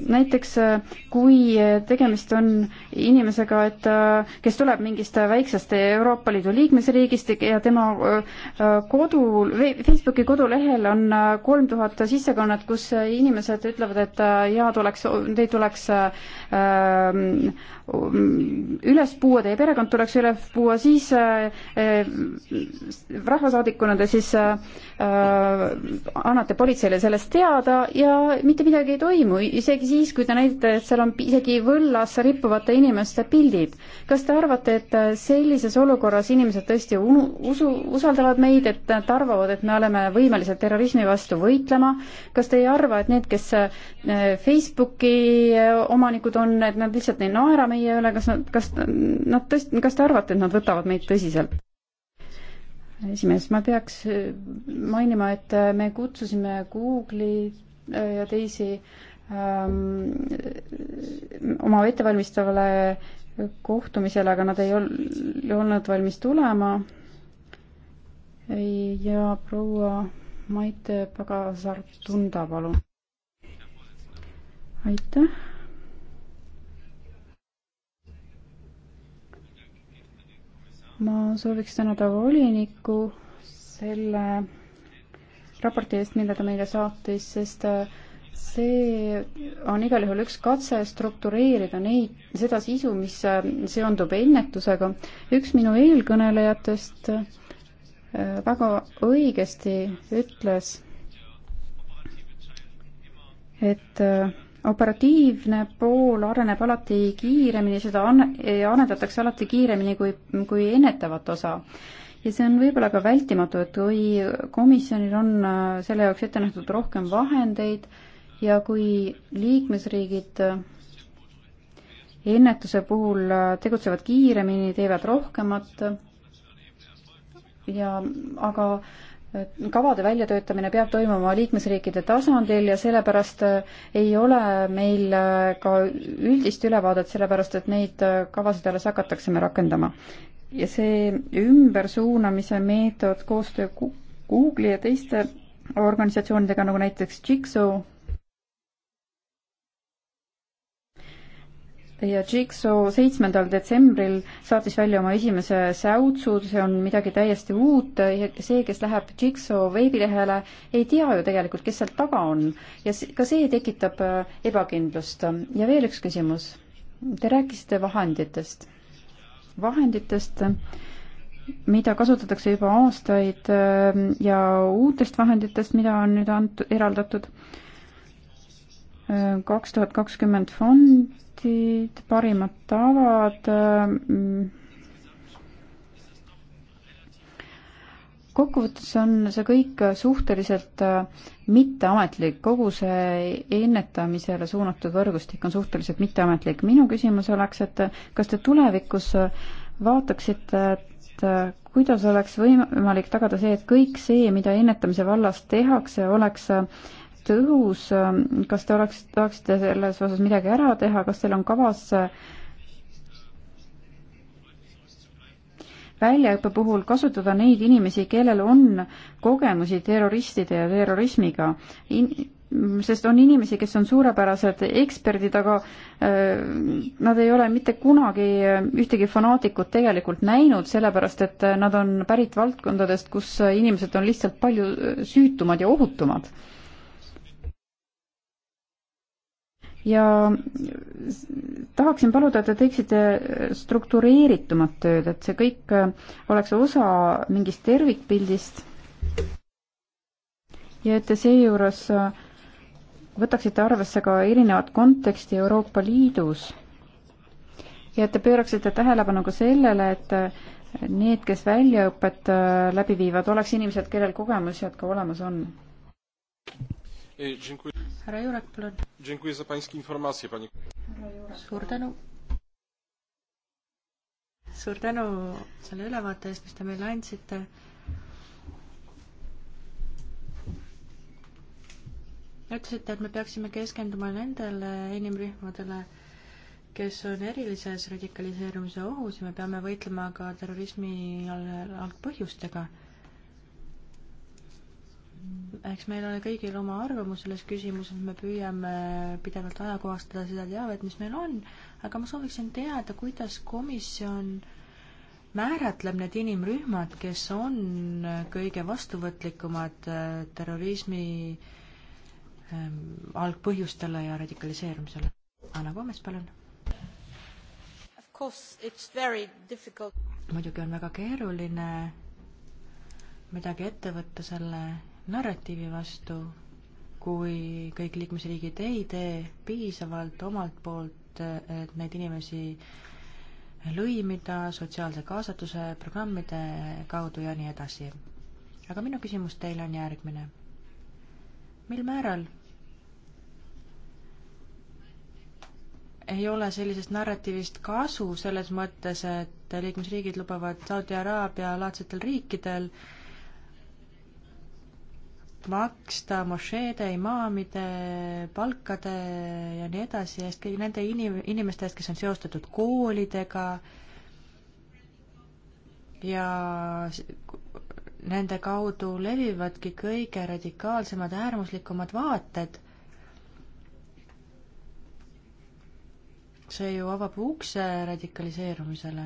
näiteks äh, kui äh, tegemist on inimesega, et äh, kes tuleb mingist väiksest Euroopa Liidu liikmesriigist ja tema kodu, Facebooki kodulehel on kolm tuhat sissekannet, kus inimesed ütlevad, et jaa, tuleks, teid tuleks ähm, üles puua, teie perekond tuleks üles puua, siis rahvasaadikuna te siis annate politseile sellest teada ja mitte midagi ei toimu, isegi isegi siis, kui te näitate, et seal on isegi võllas rippuvate inimeste pildid. kas te arvate, et äh, sellises olukorras inimesed tõesti usu, usaldavad meid, et nad arvavad, et me oleme võimelised terrorismi vastu võitlema? kas te ei arva, et need, kes äh, Facebooki äh, omanikud on, et nad lihtsalt ei naera meie üle, kas nad, kas nad tõesti, kas te arvate, et nad võtavad meid tõsiselt? esimees, ma peaks mainima, et me kutsusime Google'i ja teisi Ähm, oma ettevalmistavale kohtumisele, aga nad ei ol, olnud valmis tulema. ja proua Maite Pagasar-Tunda, palun. aitäh. ma sooviks tänada volinikku selle raporti eest, mille ta meile saatis, sest äh, see on igal juhul üks katse struktureerida neid, seda sisu, mis äh, seondub ennetusega. üks minu eelkõnelejatest äh, väga õigesti ütles, et äh, operatiivne pool areneb alati kiiremini, seda eh, anne-, arendatakse alati kiiremini kui, kui ennetavat osa ja see on võib-olla ka vältimatu, et kui komisjonil on selle jaoks ette nähtud rohkem vahendeid, ja kui liikmesriigid ennetuse puhul tegutsevad kiiremini, teevad rohkemat ja aga kavade väljatöötamine peab toimuma liikmesriikide tasandil ja sellepärast ei ole meil ka üldist ülevaadet, sellepärast et neid kavasid alles hakatakse me rakendama. ja see ümbersuunamise meetod koostöö Google'i ja teiste organisatsioonidega, nagu näiteks Jigsaw, ja Jigsaw seitsmendal detsembril saatis välja oma esimese säutsu, see on midagi täiesti uut, see, kes läheb Jigsaw veebilehele, ei tea ju tegelikult, kes seal taga on. ja ka see tekitab äh, ebakindlust. ja veel üks küsimus. Te rääkisite vahenditest. vahenditest, mida kasutatakse juba aastaid äh, ja uutest vahenditest, mida on nüüd antud, eraldatud kaks tuhat kakskümmend fondid, parimad tavad. Mm. kokkuvõttes on see kõik suhteliselt äh, mitteametlik, kogu see ennetamisele suunatud võrgustik on suhteliselt mitteametlik. minu küsimus oleks, et kas te tulevikus äh, vaataksite, et äh, kuidas oleks võimalik tagada see, et kõik see, mida ennetamise vallas tehakse, oleks äh, tõhus, ähm, kas te oleks, tahaksite selles osas midagi ära teha, kas teil on kavas äh, väljaõppe puhul kasutada neid inimesi, kellel on kogemusi terroristide ja terrorismiga In, sest on inimesi, kes on suurepärased eksperdid, aga äh, nad ei ole mitte kunagi äh, ühtegi fanaatikut tegelikult näinud, sellepärast et nad on pärit valdkondadest, kus inimesed on lihtsalt palju süütumad ja ohutumad ja tahaksin paluda, et te teeksite struktureeritumat tööd, et see kõik äh, oleks osa mingist tervikpildist. ja et te seejuures äh, võtaksite arvesse ka erinevat konteksti Euroopa Liidus. ja et te pööraksite tähelepanu ka sellele, et äh, need, kes väljaõpet läbi viivad, oleks inimesed, kellel kogemused ka olemas on härra Jurek, palun. suur tänu. suur tänu selle ülevaate eest, mis te meile andsite. ütlesite, et me peaksime keskenduma nendele inimrühmadele, kes on erilises radikaliseerumise ohus ja me peame võitlema ka terrorismi algpõhjustega al eks meil ole kõigil oma arvamus selles küsimuses, me püüame pidevalt ajakohastada seda teavet, mis meil on, aga ma sooviksin teada, kuidas komisjon määratleb need inimrühmad, kes on kõige vastuvõtlikumad äh, terrorismi ähm, algpõhjustele ja radikaliseerumisele. Anna Komes, palun. muidugi on väga keeruline midagi ette võtta selle narratiivi vastu, kui kõik liikmesriigid ei tee piisavalt omalt poolt, et neid inimesi lõimida sotsiaalse kaasatuse programmide kaudu ja nii edasi. aga minu küsimus teile on järgmine. mil määral ei ole sellisest narratiivist kasu selles mõttes, et liikmesriigid lubavad Saudi Araabia laadsetel riikidel äh, maksta mošeede, imaamide, palkade ja nii edasi eest, kõigi nende inim-, inimeste eest, kes on seostatud koolidega ja nende kaudu levivadki kõige radikaalsemad, äärmuslikumad vaated. see ju avab ukse radikaliseerumisele.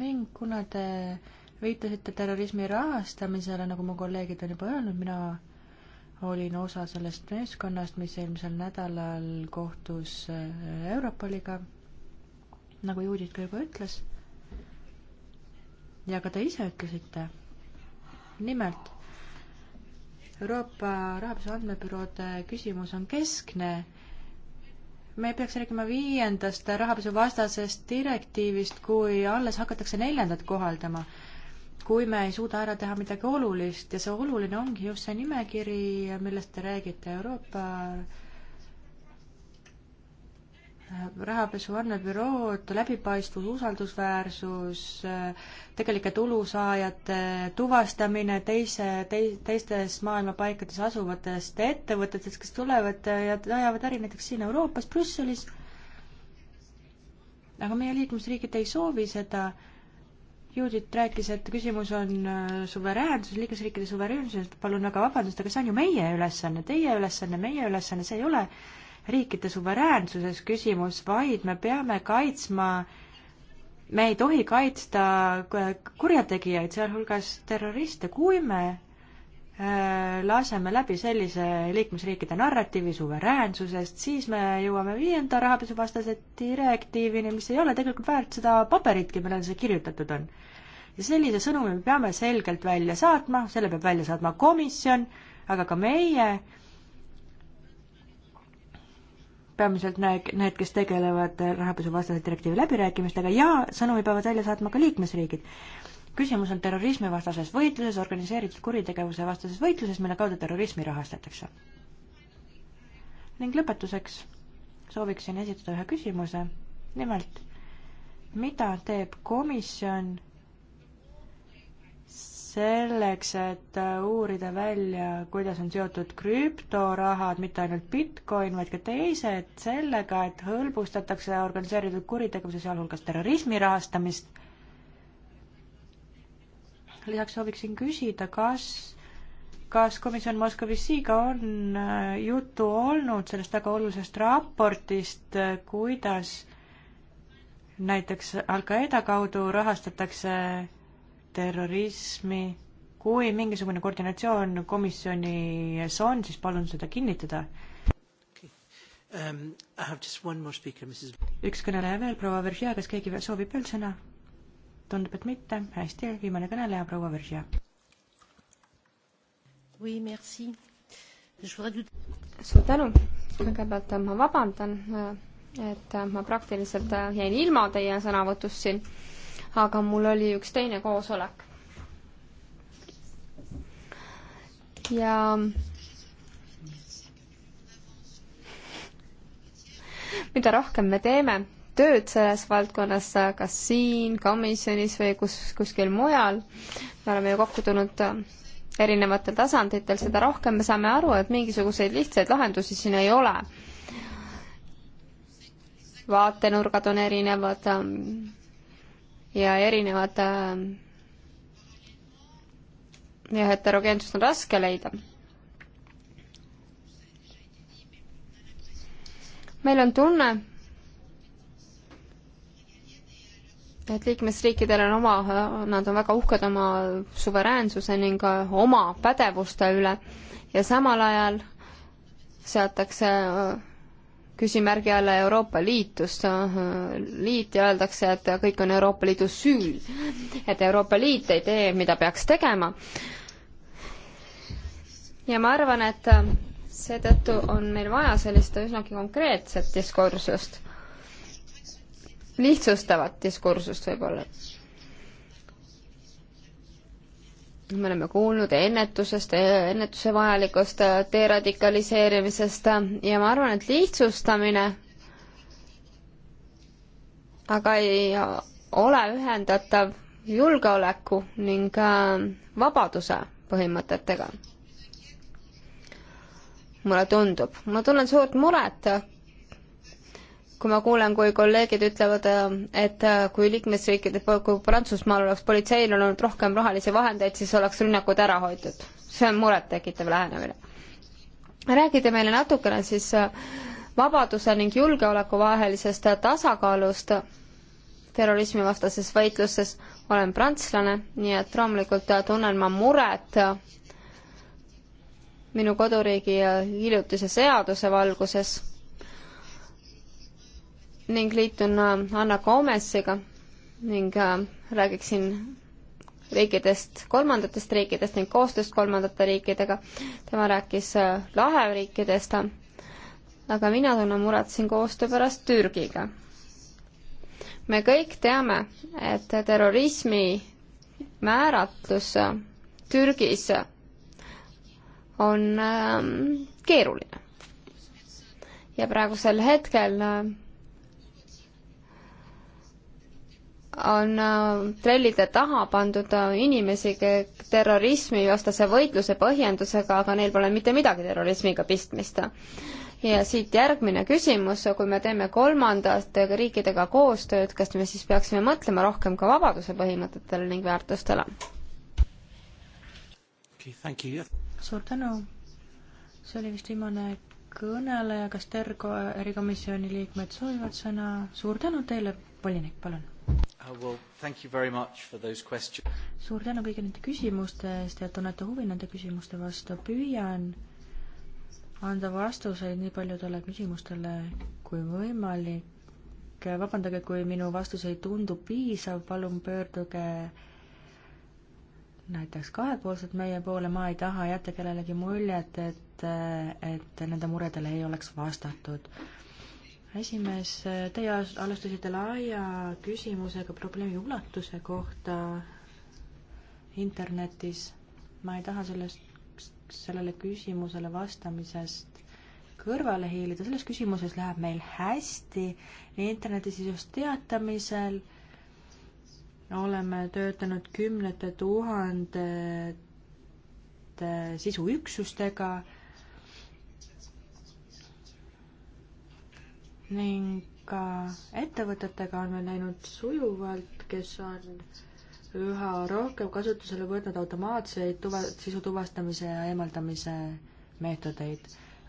ning kuna te äh, viitasite terrorismi rahastamisele, nagu mu kolleegid on juba öelnud, mina olin osa sellest meeskonnast, mis eelmisel nädalal kohtus äh, Europoliga, nagu Juudit ka juba ütles. ja ka te ise ütlesite. nimelt, Euroopa Rahapesu Andmebüroode küsimus on keskne me peaks rääkima viiendast rahapesuvastasest direktiivist, kui alles hakatakse neljandat kohaldama kui me ei suuda ära teha midagi olulist ja see oluline ongi just see nimekiri, millest te räägite, Euroopa äh, rahapesu andmebürood, läbipaistvus, usaldusväärsus, äh, tegelike tulusaajate tuvastamine teise, tei-, teistes maailma paikades asuvatest ettevõtetest, kes tulevad ja ajavad äri näiteks siin Euroopas, Brüsselis, aga meie liikmesriigid ei soovi seda Judith rääkis, et küsimus on äh, suveräänsus, liikmesriikide suveräänsus, palun väga vabandust, aga see on ju meie ülesanne, teie ülesanne, meie ülesanne, see ei ole riikide suveräänsuses küsimus, vaid me peame kaitsma, me ei tohi kaitsta äh, kurjategijaid, sealhulgas terroriste, kui me Äh, laseme läbi sellise liikmesriikide narratiivi suveräänsusest, siis me jõuame viienda rahapesuvastase direktiivini, mis ei ole tegelikult väärt seda paberitki, millele see kirjutatud on. ja sellise sõnumi me peame selgelt välja saatma, selle peab välja saatma komisjon, aga ka meie, peamiselt need, need, kes tegelevad rahapesuvastase direktiivi läbirääkimistega ja sõnumi peavad välja saatma ka liikmesriigid küsimus on terrorismivastases võitluses, organiseeritud kuritegevuse vastases võitluses, mille kaudu terrorismi rahastatakse. ning lõpetuseks sooviksin esitada ühe küsimuse, nimelt, mida teeb komisjon selleks, et uurida välja, kuidas on seotud krüptorahad, mitte ainult Bitcoin, vaid ka teised, sellega, et hõlbustatakse organiseeritud kuritegevuse, sealhulgas terrorismi rahastamist lisaks sooviksin küsida, kas, kas komisjon Moskva visiga on äh, juttu olnud sellest väga olulisest raportist, äh, kuidas näiteks Al-Qaeda kaudu rahastatakse terrorismi, kui mingisugune koordinatsioon komisjonis on, siis palun seda kinnitada okay.. Um, speaker, üks kõneleja veel, proua Veržia, kas keegi veel soovib veel sõna? tundub, et mitte, hästi, viimane kõneleja, proua Veržia. suur tänu, kõigepealt ma vabandan, et ma praktiliselt jäin ilma teie sõnavõtust siin, aga mul oli üks teine koosolek. ja mida rohkem me teeme, tööd selles valdkonnas, kas siin komisjonis või kus, kuskil mujal. me oleme ju kokku tulnud äh, erinevatel tasanditel, seda rohkem me saame aru, et mingisuguseid lihtsaid lahendusi siin ei ole. vaatenurgad on erinevad ähm, ja erinevad ähm, ja heterogeensust on raske leida meil on tunne, et liikmesriikidel on oma, nad on väga uhked oma suveräänsuse ning äh, oma pädevuste üle ja samal ajal seatakse äh, küsimärgi alla Euroopa Liitust, äh, liit ja öeldakse, et kõik on Euroopa Liidu süü. et Euroopa Liit ei tee, mida peaks tegema. ja ma arvan, et seetõttu on meil vaja sellist üsnagi konkreetset diskursust lihtsustavad diskursust võib-olla. me oleme kuulnud ennetusest, ennetuse vajalikust deradikaliseerimisest ja ma arvan, et lihtsustamine aga ei ole ühendatav julgeoleku ning äh, vabaduse põhimõtetega. mulle tundub, ma tunnen suurt muret kui ma kuulen, kui kolleegid ütlevad, et kui liikmesriikide, kui Prantsusmaal oleks politseil olnud rohkem rahalisi vahendeid, siis oleks rünnakud ära hoitud. see on murettekitav lähenemine. räägige meile natukene siis vabaduse ning julgeoleku vahelisest tasakaalust terrorismivastases võitluses. olen prantslane, nii et loomulikult tunnen ma muret minu koduriigi hiljutise seaduse valguses ning liitun äh, Anna Gomesiga ning äh, räägiksin riikidest, kolmandatest riikidest ning koostööst kolmandate riikidega. tema rääkis äh, lahe riikidest, aga mina tunnen muret siin koostöö pärast Türgiga. me kõik teame, et terrorismi määratlus Türgis on ähm, keeruline. ja praegusel hetkel on äh, trellide taha pandud äh, inimesi terrorismivastase võitluse põhjendusega, aga neil pole mitte midagi terrorismiga pistmist. ja siit järgmine küsimus, kui me teeme kolmandate riikidega koostööd, kas me siis peaksime mõtlema rohkem ka vabaduse põhimõtetele ning väärtustele okay,? suur tänu. see oli vist viimane kõneleja, kas Tergo erikomisjoni liikmed soovivad sõna? suur tänu teile, volinik, palun Uh, suur tänu kõigi nende küsimuste eest ja tunnete huvi nende küsimuste vastu. püüan anda vastuseid nii paljudele küsimustele kui võimalik. vabandage, kui minu vastus ei tundu piisav, palun pöörduge näiteks kahepoolselt meie poole, ma ei taha jätta kellelegi muljet, et, et nende muredele ei oleks vastatud esimees, teie alustasite laia küsimusega probleemi ulatuse kohta internetis. ma ei taha sellest, sellele küsimusele vastamisest kõrvale hiilida, selles küsimuses läheb meil hästi. internetisisust teatamisel oleme töötanud kümnete tuhandete sisuüksustega ning ka äh, ettevõtetega on meil läinud sujuvalt, kes on üha rohkem kasutusele võtnud automaatseid tuva, sisu tuvastamise ja eemaldamise meetodeid.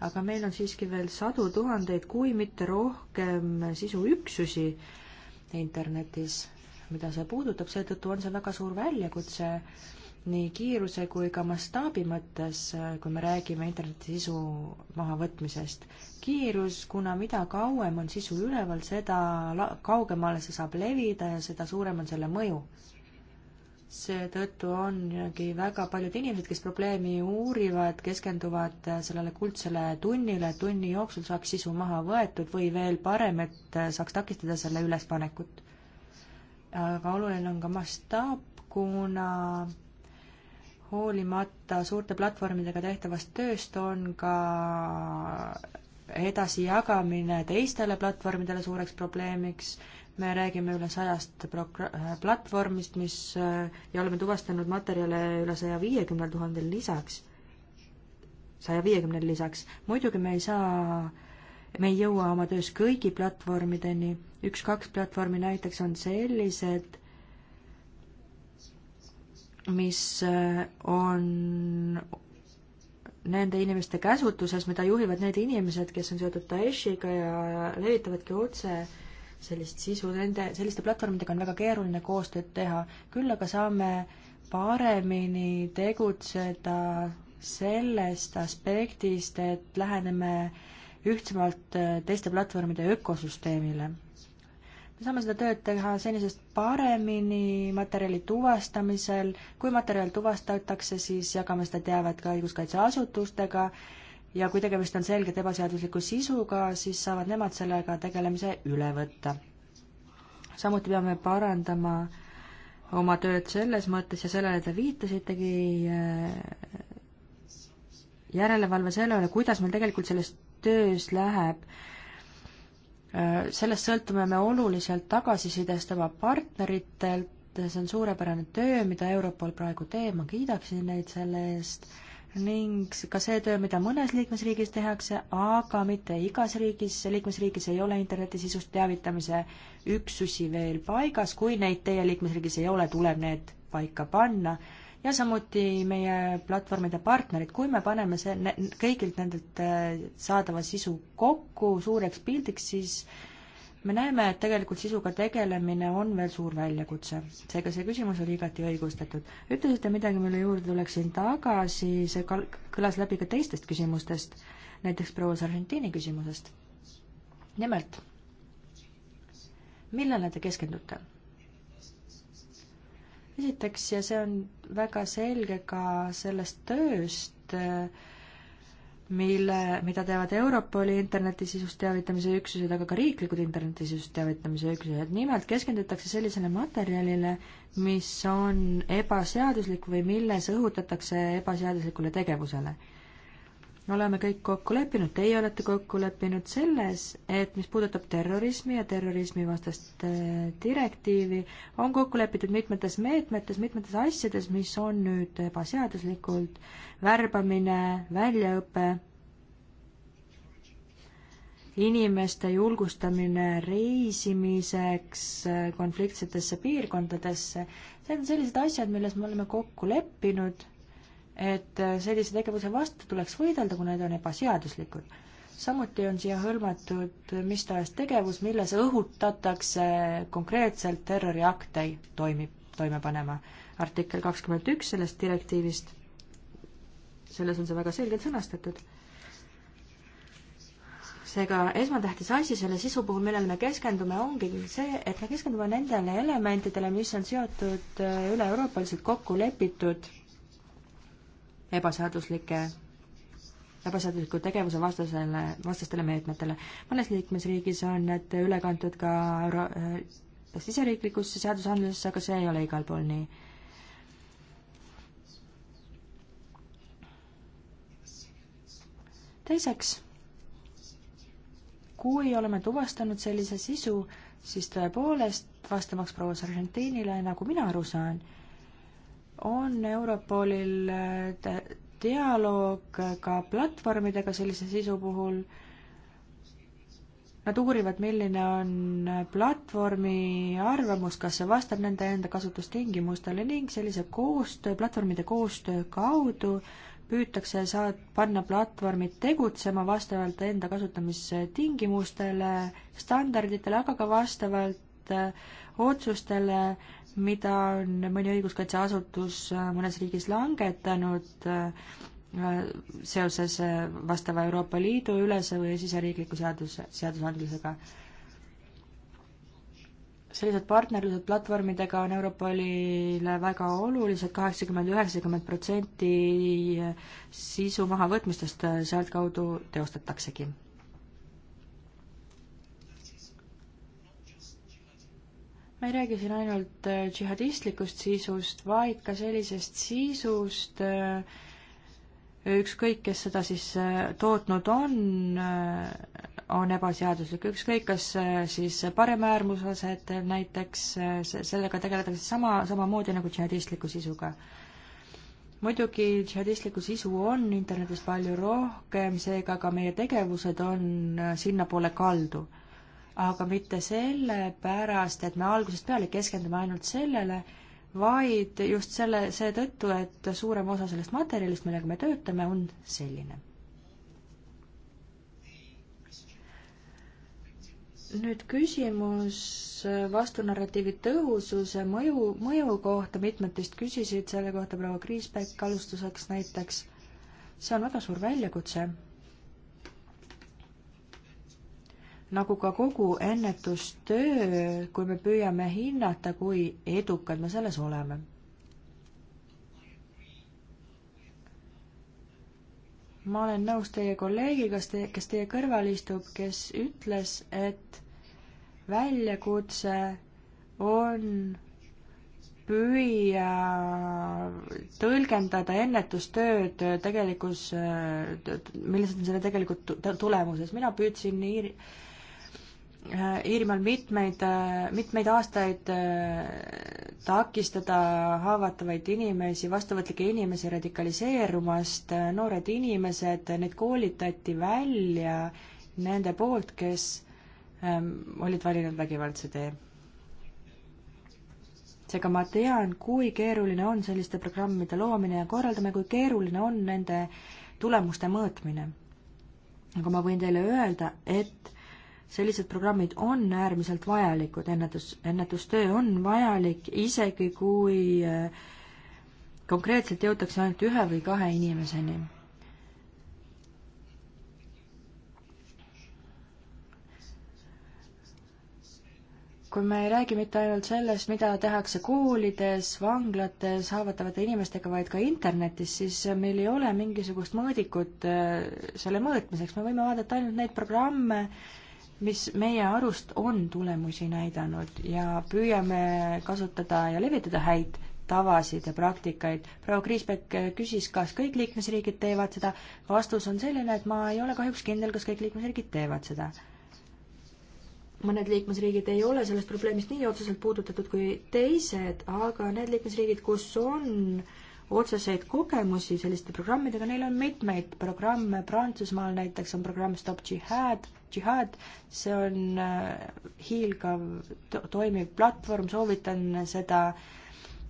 aga meil on siiski veel sadu tuhandeid, kui mitte rohkem sisuüksusi internetis, mida see puudutab, seetõttu on see väga suur väljakutse nii kiiruse kui ka mastaabi mõttes, kui me räägime interneti sisu mahavõtmisest. kiirus, kuna mida kauem on sisu üleval, seda kaugemale see saab levida ja seda suurem on selle mõju. seetõttu ongi väga paljud inimesed, kes probleemi uurivad, keskenduvad sellele kuldsele tunnile, et tunni jooksul saaks sisu maha võetud või veel parem, et saaks takistada selle ülespanekut. aga oluline on ka mastaap, kuna hoolimata suurte platvormidega tehtavast tööst on ka edasijagamine teistele platvormidele suureks probleemiks, me räägime üle sajast progr-, äh, platvormist, mis äh, ja oleme tuvastanud materjale üle saja viiekümnel tuhandel lisaks, saja viiekümnel lisaks. muidugi me ei saa, me ei jõua oma töös kõigi platvormideni, üks-kaks platvormi näiteks on sellised, mis äh, on nende inimeste käsutuses, mida juhivad need inimesed, kes on seotud Daeshiga ja levitavadki otse sellist sisu, nende, selliste platvormidega on väga keeruline koostööd teha. küll aga saame paremini tegutseda sellest aspektist, et läheneme ühtsemalt äh, teiste platvormide ökosüsteemile me saame seda tööd teha senisest paremini materjali tuvastamisel, kui materjal tuvastatakse, siis jagame seda teavet ka õiguskaitseasutustega ja kui tegemist on selgelt ebaseadusliku sisuga, siis saavad nemad sellega tegelemise üle võtta. samuti peame parandama oma tööd selles mõttes ja sellele te viitasitegi, äh, järelevalve selle üle, kuidas meil tegelikult selles töös läheb sellest sõltume me oluliselt tagasisidest oma partneritelt, see on suurepärane töö, mida Europol praegu teeb, ma kiidaksin neid selle eest, ning ka see töö, mida mõnes liikmesriigis tehakse, aga mitte igas riigis, liikmesriigis ei ole internetisisust teavitamise üksusi veel paigas, kui neid teie liikmesriigis ei ole, tuleb need paika panna ja samuti meie platvormide partnerid, kui me paneme see ne,, kõigilt nendelt äh, saadava sisu kokku suureks pildiks, siis me näeme, et tegelikult sisuga tegelemine on veel suur väljakutse. seega see küsimus oli igati õigustatud. ütlesite midagi, mille juurde tuleksin tagasi, see kal-, kõlas läbi ka teistest küsimustest, näiteks proua Sargentini küsimusest. nimelt, millele te keskendute? esiteks, ja see on väga selge ka sellest tööst, mille, mida teevad Europoli internetisisust teavitamise üksused, aga ka riiklikud internetisisust teavitamise üksused. nimelt keskendutakse sellisele materjalile, mis on ebaseaduslik või milles õhutatakse ebaseaduslikule tegevusele oleme kõik kokku leppinud, teie olete kokku leppinud selles, et mis puudutab terrorismi ja terrorismivastast äh, direktiivi, on kokku lepitud mitmetes meetmetes, mitmetes asjades, mis on nüüd ebaseaduslikult, värbamine, väljaõpe, inimeste julgustamine reisimiseks äh, konfliktsetesse piirkondadesse, need on sellised asjad, milles me oleme kokku leppinud et äh, sellise tegevuse vastu tuleks võidelda, kui need on ebaseaduslikud. samuti on siia hõlmatud mis tahes tegevus, milles õhutatakse konkreetselt terroriakte toimib, toime panema. artikkel kakskümmend üks sellest direktiivist, selles on see väga selgelt sõnastatud seega esmatähtis asi selle sisu puhul, millele me keskendume, ongi see, et me keskendume nendele elementidele, mis on seotud äh, üle-euroopaliselt kokku lepitud ebaseaduslike, ebaseadusliku tegevuse vastasele, vastastele meetmetele. mõnes liikmesriigis on need üle kantud ka euro-, äh, siseriiklikusse seadusandlusesse, aga see ei ole igal pool nii teiseks, kui oleme tuvastanud sellise sisu, siis tõepoolest, vastamaks proua Sargentinile, nagu mina aru saan, on Europolil eh, dialoog eh, ka platvormidega sellise sisu puhul. Nad uurivad, milline on eh, platvormi arvamus, kas see vastab nende enda kasutustingimustele ning sellise koostöö, platvormide koostöö kaudu püütakse saad-, panna platvormid tegutsema vastavalt enda kasutamistingimustele, standarditele, aga ka vastavalt otsustele, mida on mõni õiguskaitseasutus äh, mõnes riigis langetanud äh, seoses äh, vastava Euroopa Liidu ülese või siseriikliku seaduse, seadusandlusega. sellised partnerlused platvormidega on Europolile väga olulised, kaheksakümmend, üheksakümmend protsenti sisu mahavõtmistest sealtkaudu teostataksegi ma ei räägi siin ainult äh, džihadistlikust sisust, vaid ka sellisest sisust, äh, ükskõik, kes seda siis äh, tootnud on, on ebaseaduslik, ükskõik, kas siis paremäärmuslased näiteks, sellega tegeletakse sama, samamoodi nagu džihadistliku sisuga. muidugi džihadistlikku sisu on internetis palju rohkem, seega ka meie tegevused on sinnapoole kaldu aga mitte sellepärast, et me algusest peale keskendume ainult sellele, vaid just selle, seetõttu, et suurem osa sellest materjalist, millega me töötame, on selline. nüüd küsimus vastunarratiivi tõhususe mõju, mõju kohta, mitmed teist küsisid selle kohta, proua Kriisbeck alustuseks näiteks. see on väga suur väljakutse nagu ka kogu ennetustöö, kui me püüame hinnata, kui edukad me selles oleme. ma olen nõus teie kolleegiga, kes teie kõrval istub, kes ütles, et väljakutse on püüa tõlgendada ennetustööd tegelikus, millised on selle tegelikult tulemuses. mina püüdsin Iiri Äh, Iirimaal mitmeid, äh, mitmeid aastaid äh, takistada haavatavaid inimesi, vastuvõtlikke inimesi radikaliseerumast, noored inimesed, neid koolitati välja nende poolt, kes ähm, olid valinud vägivaldse tee. seega ma tean, kui keeruline on selliste programmide loomine ja korraldamine, kui keeruline on nende tulemuste mõõtmine. aga ma võin teile öelda, et sellised programmid on äärmiselt vajalikud, ennetus, ennetustöö on vajalik, isegi kui äh, konkreetselt jõutakse ainult ühe või kahe inimeseni. kui me ei räägi mitte ainult sellest, mida tehakse koolides, vanglates haavatavate inimestega, vaid ka internetis, siis meil ei ole mingisugust mõõdikut äh, selle mõõtmiseks, me võime vaadata ainult neid programme, mis meie arust on tulemusi näidanud ja püüame kasutada ja levitada häid tavasid ja praktikaid. proua Kriisbeck küsis, kas kõik liikmesriigid teevad seda. vastus on selline, et ma ei ole kahjuks kindel, kas kõik liikmesriigid teevad seda. mõned liikmesriigid ei ole sellest probleemist nii otseselt puudutatud kui teised, aga need liikmesriigid, kus on otseseid kogemusi selliste programmidega, neil on mitmeid programme, Prantsusmaal näiteks on programm Stop Jihad džihaad, see on äh, hiilgav to, toimiv platvorm, soovitan seda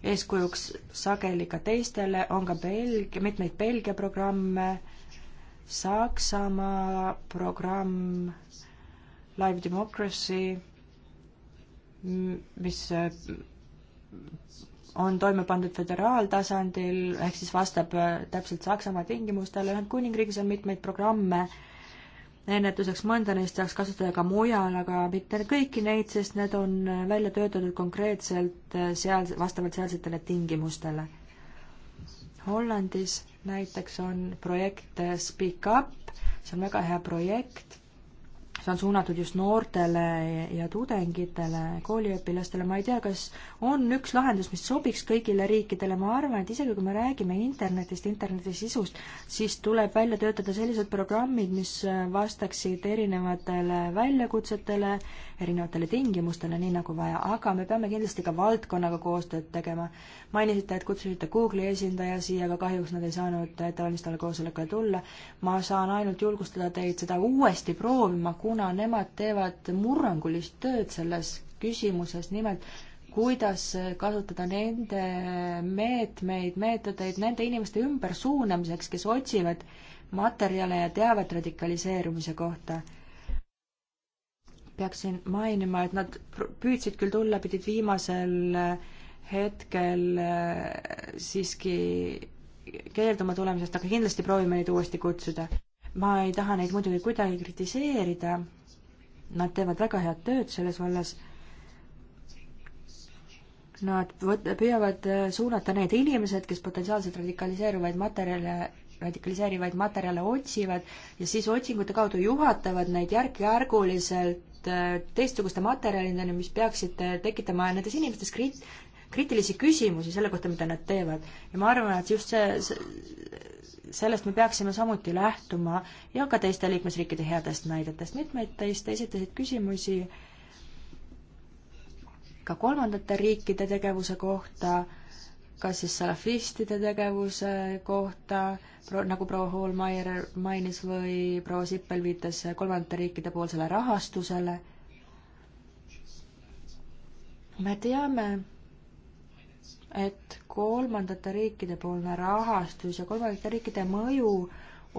eeskujuks sageli ka teistele, on ka Belgia, mitmeid Belgia programme, Saksamaa programm Live Democracy, mis äh, on toime pandud föderaaltasandil, ehk siis vastab äh, täpselt Saksamaa tingimustele, Ühendkuningriigis on mitmeid programme äh, ennetuseks, mõnda neist saaks kasutada ka mujal, aga mitte kõiki neid, sest need on välja töötatud konkreetselt äh, seal, vastavalt sealsetele tingimustele. Hollandis näiteks on projekt äh, Speak Up, see on väga hea projekt see on suunatud just noortele ja tudengitele, kooliõpilastele, ma ei tea, kas on üks lahendus, mis sobiks kõigile riikidele, ma arvan, et isegi kui me räägime internetist, interneti sisust, siis tuleb välja töötada sellised programmid, mis vastaksid erinevatele väljakutsetele, erinevatele tingimustele, nii nagu vaja, aga me peame kindlasti ka valdkonnaga koostööd tegema. mainisite, et kutsusite Google'i esindaja siia, aga kahjuks nad ei saanud ettevalmistavale koosolekule tulla. ma saan ainult julgustada teid seda uuesti proovima, kuna nemad teevad murrangulist tööd selles küsimuses, nimelt kuidas kasutada nende meetmeid, meetodeid nende inimeste ümbersuunamiseks, kes otsivad materjale ja teavet radikaliseerumise kohta peaksin mainima, et nad püüdsid küll tulla, pidid viimasel eh, hetkel eh, siiski keelduma tulemisest, aga kindlasti proovime neid uuesti kutsuda. ma ei taha neid muidugi kuidagi kritiseerida, nad teevad väga head tööd selles vallas, nad võt-, püüavad eh, suunata need inimesed, kes potentsiaalselt radikaliseeruvaid materjale radikaliseerivaid materjale otsivad ja siis otsingute kaudu juhatavad neid järk-järguliselt Äh, teistsuguste materjalideni, mis peaksid äh, tekitama nendes inimestes kriit-, kriitilisi küsimusi selle kohta, mida nad teevad. ja ma arvan, et just see, sellest me peaksime samuti lähtuma ja ka teiste liikmesriikide headest näidetest. mitmeid teist esitasid küsimusi ka kolmandate riikide tegevuse kohta kas siis salafistide tegevuse kohta, nagu proua Hallmeier mainis või proua Sippel viitas kolmandate riikide poolsele rahastusele. me teame, et kolmandate riikide poolne rahastus ja kolmandate riikide mõju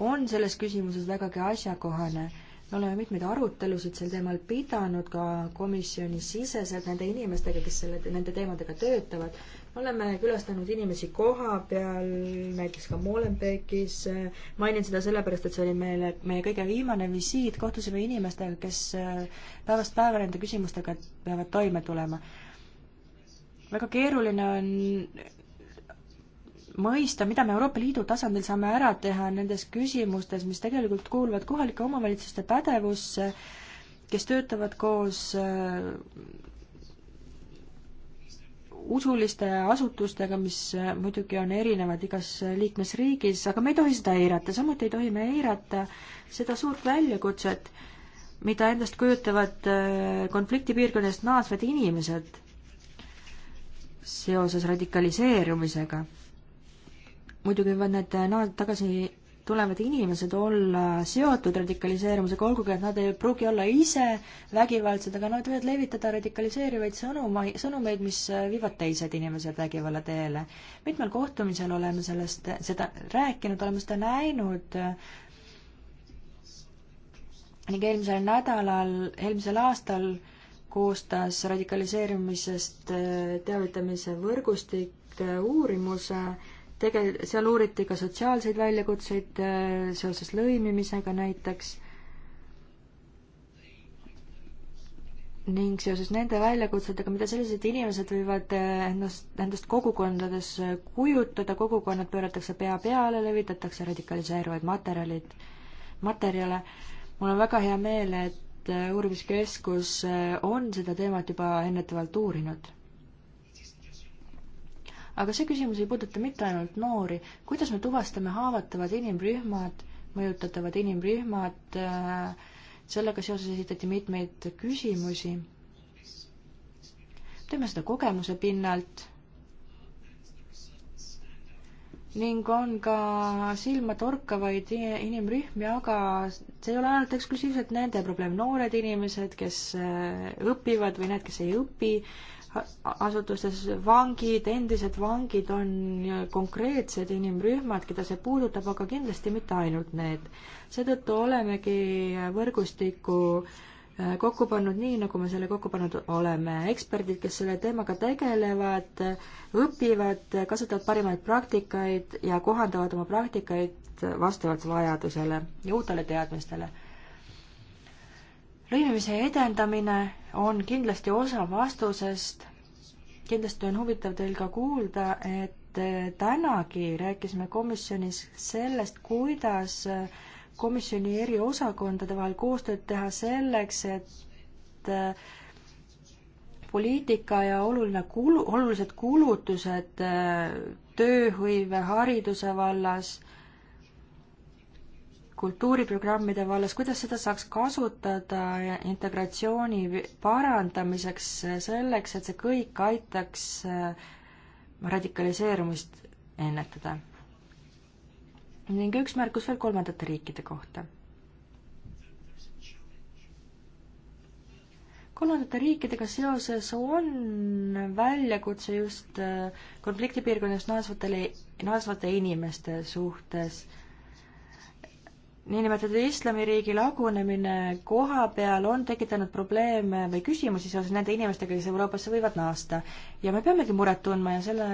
on selles küsimuses vägagi asjakohane me oleme mitmeid arutelusid sel teemal pidanud ka komisjoni siseselt nende inimestega, kes selle, nende teemadega töötavad oleme külastanud inimesi koha peal, näiteks ka Molenbeekis, mainin seda sellepärast, et see oli meile, meie kõige viimane visiit, kohtusime inimestega, kes äh, päevast päeva nende küsimustega peavad toime tulema. väga keeruline on mõista, mida me Euroopa Liidu tasandil saame ära teha nendes küsimustes, mis tegelikult kuuluvad kohalike omavalitsuste pädevusse, kes töötavad koos äh, usuliste asutustega, mis äh, muidugi on erinevad igas liikmesriigis, aga me ei tohi seda eirata, samuti ei tohi me eirata seda suurt väljakutset, mida endast kujutavad äh, konfliktipiirkonnast naasvad inimesed seoses radikaliseerumisega. muidugi võivad need tagasi tulevad inimesed olla seotud radikaliseerumisega, olgugi et nad ei pruugi olla ise vägivaldsed, aga nad võivad levitada radikaliseerivaid sõnuma, sõnumeid, mis viivad teised inimesed vägivalla teele. mitmel kohtumisel oleme sellest, seda rääkinud, oleme seda näinud ning eelmisel nädalal, eelmisel aastal koostas radikaliseerumisest teavitamise võrgustik uurimuse, tege-, seal uuriti ka sotsiaalseid väljakutseid äh, seoses lõimimisega näiteks ning seoses nende väljakutsetega, mida sellised inimesed võivad äh, ennast, endast kogukondades äh, kujutada, kogukonnad pööratakse pea peale, levitatakse radikaliseeruvaid materjalid, materjale. mul on väga hea meel, et uurimiskeskus on seda teemat juba ennetavalt uurinud aga see küsimus ei puuduta mitte ainult noori, kuidas me tuvastame haavatavad inimrühmad, mõjutatavad inimrühmad, äh, sellega seoses esitati mitmeid küsimusi. teeme seda kogemuse pinnalt ning on ka silmatorkavaid inimrühmi, aga see ei ole ainult eksklusiivselt nende probleem, noored inimesed, kes äh, õpivad või need, kes ei õpi, asutustes vangid, endised vangid on konkreetsed inimrühmad, keda see puudutab, aga kindlasti mitte ainult need. seetõttu olemegi võrgustiku äh, kokku pannud nii, nagu me selle kokku pannud oleme. eksperdid, kes selle teemaga tegelevad, õpivad, kasutavad parimaid praktikaid ja kohandavad oma praktikaid vastavalt vajadusele ja uutele teadmistele lõimimise edendamine on kindlasti osa vastusest. kindlasti on huvitav teil ka kuulda, et tänagi rääkisime komisjonis sellest, kuidas komisjoni eri osakondade vahel koostööd teha selleks, et poliitika ja oluline kulu, olulised kulutused tööhõive, hariduse vallas kultuuriprogrammide vallas, kuidas seda saaks kasutada integratsiooni parandamiseks, selleks, et see kõik aitaks äh, radikaliseerumist ennetada? ning üks märkus veel kolmandate riikide kohta. kolmandate riikidega seoses on väljakutse just äh, konfliktipiirkonnast naasvatele, naasvate inimeste suhtes niinimetatud islamiriigi lagunemine koha peal on tekitanud probleeme või küsimusi seoses nende inimestega, kes Euroopasse võivad naasta. ja me peamegi muret tundma ja selle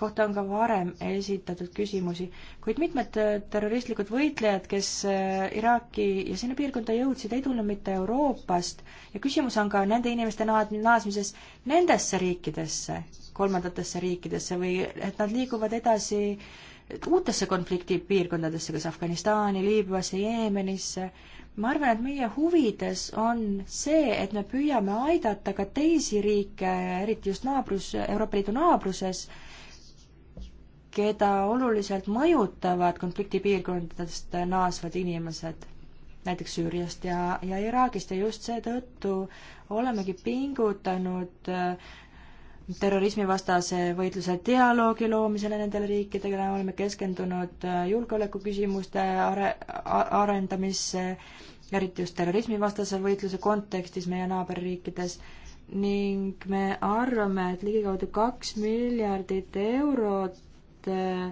kohta on ka varem esitatud küsimusi, kuid mitmed terroristlikud võitlejad, kes äh, Iraaki ja sinna piirkonda jõudsid, ei tulnud mitte Euroopast ja küsimus on ka nende inimeste naad-, naasmises nendesse riikidesse, kolmandatesse riikidesse või et nad liiguvad edasi äh, uutesse konfliktipiirkondadesse, kas Afganistani, Liibüasse, Jeemenisse. ma arvan, et meie huvides on see, et me püüame aidata ka teisi riike, eriti just naabrus, Euroopa Liidu naabruses, keda oluliselt mõjutavad konfliktipiirkondadest naasvad inimesed, näiteks Süüriast ja, ja Iraagist ja just seetõttu olemegi pingutanud äh, terrorismivastase võitluse dialoogi loomisele nendele riikidele, oleme keskendunud äh, julgeolekuküsimuste are-, arendamisse, eriti just terrorismivastase võitluse kontekstis meie naaberriikides, ning me arvame, et ligikaudu kaks miljardit eurot äh,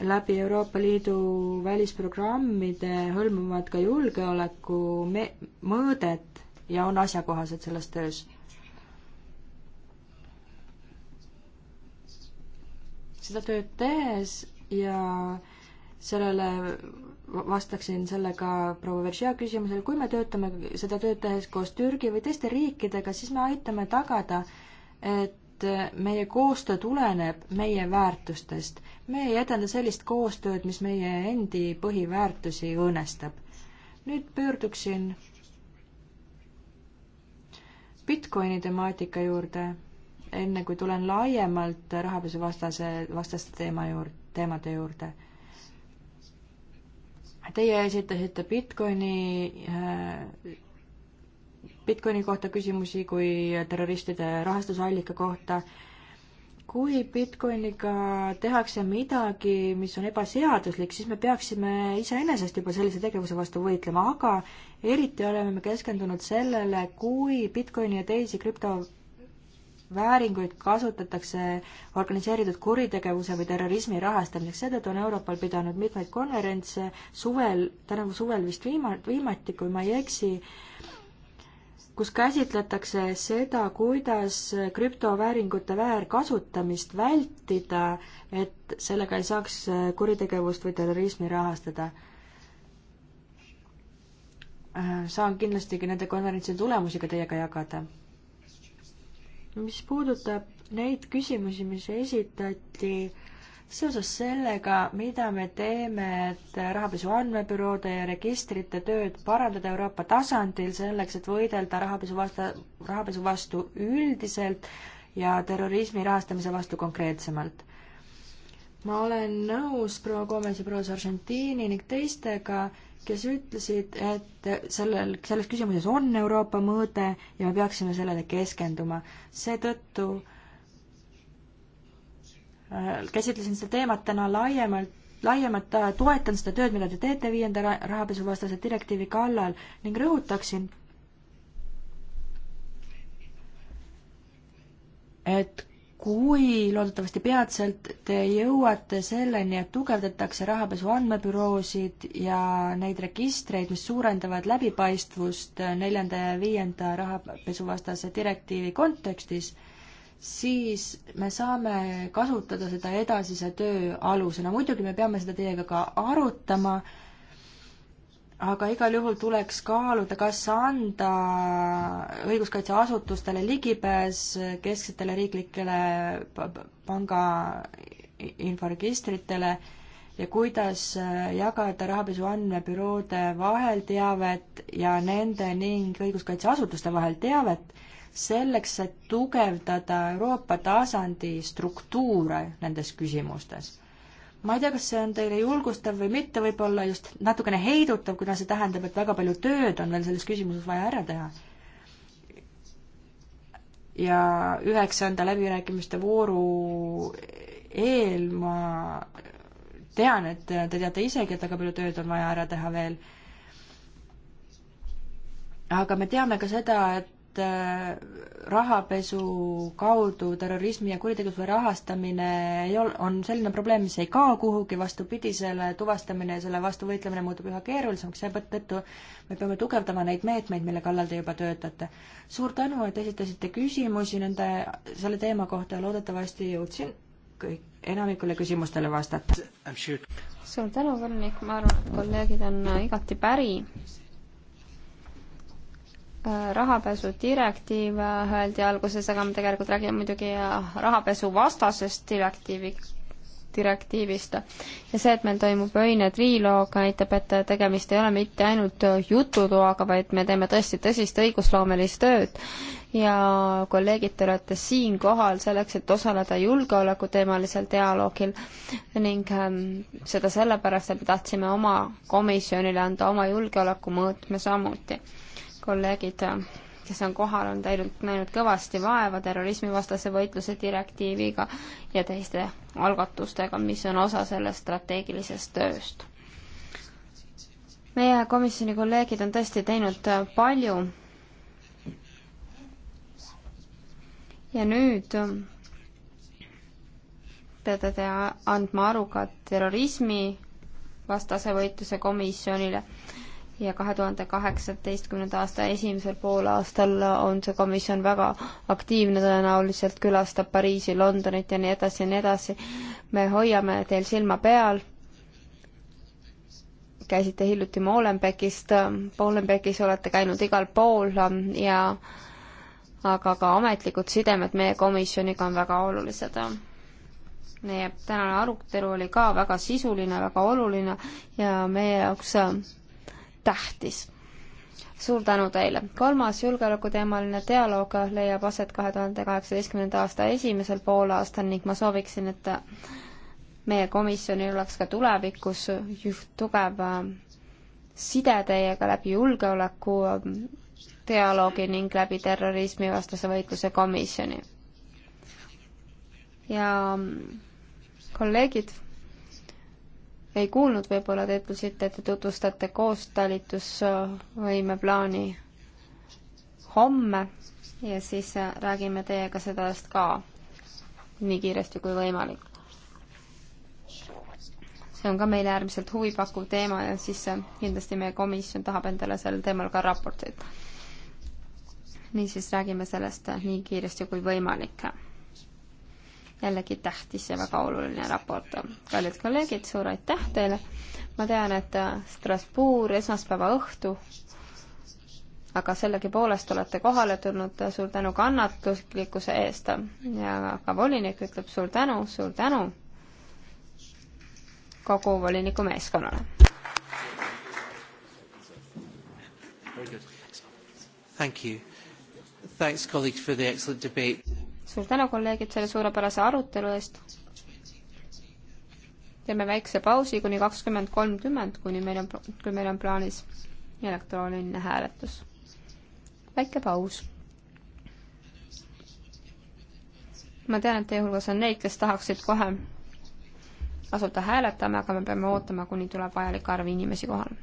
läbi Euroopa Liidu välisprogrammide hõlmavad ka julgeoleku me-, mõõdet ja on asjakohased selles töös seda tööd tehes ja sellele vastaksin sellega proua Veržia küsimusele, kui me töötame seda tööd tehes koos Türgi või teiste riikidega, siis me aitame tagada, et meie koostöö tuleneb meie väärtustest. me ei edenda sellist koostööd, mis meie endi põhiväärtusi õõnestab. nüüd pöörduksin Bitcoini temaatika juurde enne kui tulen laiemalt rahapesuvastase, vastaste teema juurde, teemade juurde. Teie esitasite Bitcoini, äh, Bitcoini kohta küsimusi kui terroristide rahastusallika kohta kui Bitcoiniga tehakse midagi, mis on ebaseaduslik, siis me peaksime iseenesest juba sellise tegevuse vastu võitlema, aga eriti oleme me keskendunud sellele, kui Bitcoini ja teisi krüpto vääringuid kasutatakse organiseeritud kuritegevuse või terrorismi rahastamiseks, seetõttu on Europol pidanud mitmeid konverentse suvel, tänavu suvel vist viima-, viimati, kui ma ei eksi, kus käsitletakse seda, kuidas krüptovääringute väärkasutamist vältida, et sellega ei saaks kuritegevust või terrorismi rahastada äh, saan kindlasti nende konverentsi tulemusi ka teiega jagada mis puudutab neid küsimusi, mis esitati seoses sellega, mida me teeme, et rahapesu andmebüroode ja registrite tööd parandada Euroopa tasandil selleks, et võidelda rahapesu vasta, rahapesu vastu üldiselt ja terrorismi rahastamise vastu konkreetsemalt. ma olen nõus proua Gomez ja proua Sargentini ning teistega, kes ütlesid, et sellel, selles küsimuses on Euroopa mõõde ja me peaksime sellele keskenduma. seetõttu äh, käsitlesin seda teemat täna laiemalt, laiemalt äh, toetan seda tööd, mida te teete viienda rahapesuvastase direktiivi kallal ning rõhutaksin, et kui loodetavasti peatselt te jõuate selleni, et tugevdatakse rahapesu andmebüroosid ja neid registreid, mis suurendavad läbipaistvust neljanda ja viienda rahapesuvastase direktiivi kontekstis, siis me saame kasutada seda edasise töö alusena. muidugi me peame seda teiega ka arutama aga igal juhul tuleks kaaluda, kas anda õiguskaitseasutustele ligipääs kesksetele riiklikele panga inforegistritele ja kuidas äh, jagada rahapesu andmebüroode vahel teavet ja nende ning õiguskaitseasutuste vahel teavet, selleks, et tugevdada Euroopa tasandi struktuure nendes küsimustes ma ei tea, kas see on teile julgustav või mitte, võib-olla just natukene heidutav, kuna see tähendab, et väga palju tööd on veel selles küsimuses vaja ära teha. ja üheksanda läbirääkimiste vooru eel ma tean, et te teate isegi, et väga palju tööd on vaja ära teha veel. aga me teame ka seda, et et äh, rahapesu kaudu terrorismi ja kuritegevuse rahastamine ei ol-, on selline probleem, mis ei kao kuhugi, vastupidi, selle tuvastamine ja selle vastu võitlemine muutub üha keerulisemaks, seetõttu me peame tugevdama neid meetmeid, mille kallal te juba töötate. suur tänu, et esitasite küsimusi nende, selle teema kohta ja loodetavasti jõudsin kõik, enamikule küsimustele vastata. suur tänu, Võrnik, ma arvan, et kolleegid on igati päri rahapesu direktiiv öeldi alguses, aga me tegelikult räägime muidugi rahapesuvastasest direktiivi, direktiivist. ja see, et meil toimub öine triloog, näitab, et tegemist ei ole mitte ainult jututoaga, vaid me teeme tõesti tõsist õigusloomelist tööd. ja kolleegid, te olete siin kohal selleks, et osaleda julgeolekuteemalisel dialoogil ning ähm, seda sellepärast, et me tahtsime oma komisjonile anda oma julgeolekumõõtme samuti kolleegid, kes on kohal, on teinud, näinud kõvasti vaeva terrorismivastase võitluse direktiiviga ja teiste algatustega, mis on osa sellest strateegilisest tööst. meie komisjoni kolleegid on tõesti teinud palju. ja nüüd peate te andma aru ka terrorismivastase võitluse komisjonile ja kahe tuhande kaheksateistkümnenda aasta esimesel poolaastal on see komisjon väga aktiivne, tõenäoliselt külastab Pariisi, Londonit ja nii edasi ja nii edasi. me hoiame teil silma peal. käisite hiljuti Molenbeekist, Molenbeekis olete käinud igal pool ja aga ka ametlikud sidemed meie komisjoniga on väga olulised meie tänane arutelu oli ka väga sisuline, väga oluline ja meie jaoks tähtis. suur tänu teile. kolmas julgeolekuteemaline dialoog leiab aset kahe tuhande kaheksateistkümnenda aasta esimesel poolaastal ning ma sooviksin, et meie komisjonil oleks ka tulevikus juht, tugev äh, side teiega läbi julgeoleku äh, dialoogi ning läbi terrorismivastase võitluse komisjoni. ja ähm, kolleegid ei kuulnud, võib-olla te ütlesite, et te tutvustate koostalitusvõime plaani homme ja siis räägime teiega sellest ka nii kiiresti kui võimalik. see on ka meile äärmiselt huvipakkuv teema ja siis kindlasti meie komisjon tahab endale sel teemal ka raporteid. niisiis räägime sellest nii kiiresti kui võimalik jällegi tähtis ja väga oluline raport. kallid kolleegid, suur aitäh teile. ma tean, et Strasbourg esmaspäeva õhtu aga sellegipoolest olete kohale tulnud, suur tänu kannatlikkuse eest ja ka volinik ütleb suur tänu, suur tänu kogu voliniku meeskonnale. Thank you. Thanks, colleagues, for the excellent debate suur tänu, kolleegid, selle suurepärase arutelu eest. teeme väikse pausi kuni kakskümmend kolmkümmend, kuni meil on, kui meil on plaanis elektrooniline hääletus. väike paus. ma tean, et teie hulgas on neid, kes tahaksid kohe asuda hääletama, aga me peame ootama, kuni tuleb vajalik arv inimesi kohale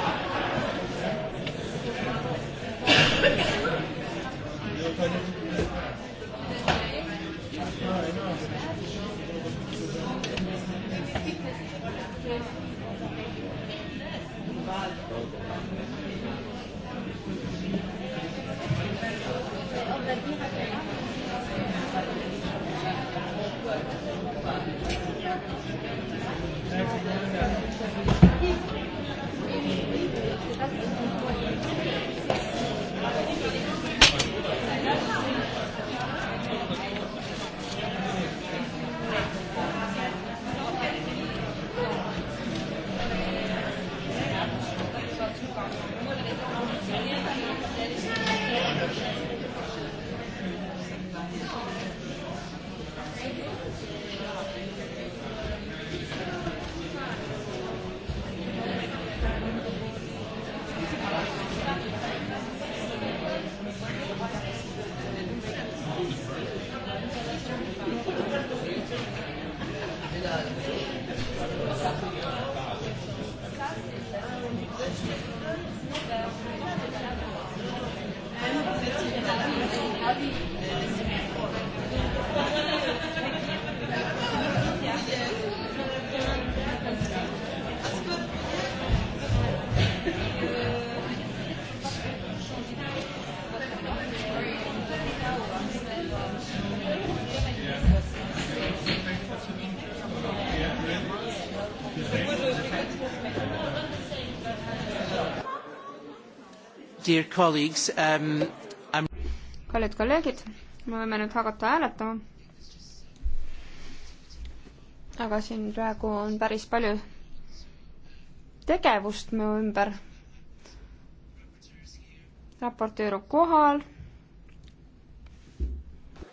Dear colleagues, um, I'm... kallid kolleegid, me võime nüüd hakata hääletama. aga siin praegu on päris palju tegevust mu ümber. raportöör on kohal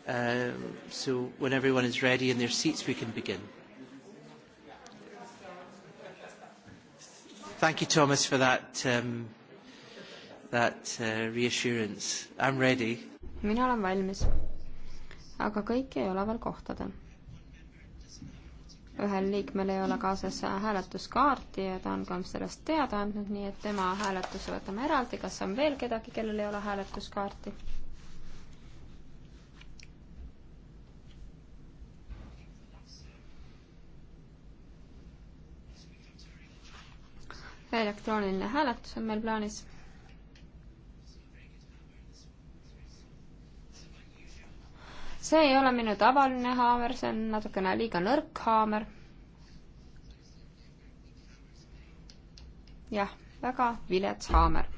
Uh, so when everyone is ready in their seats, we can begin. Thank you, Thomas, for that um, that uh, reassurance. I am ready. mina olen valmis. aga kõiki ei ole veel kohtadel. ühel liikmel ei ole kaasas hääletuskaarti ja ta on ka sellest teada andnud, nii et tema hääletuse võtame eraldi. kas on veel kedagi, kellel ei ole hääletuskaarti? elektrooniline hääletus on meil plaanis see ei ole minu tavaline haamer, see on natukene liiga nõrk haamer. jah, väga vilets haamer.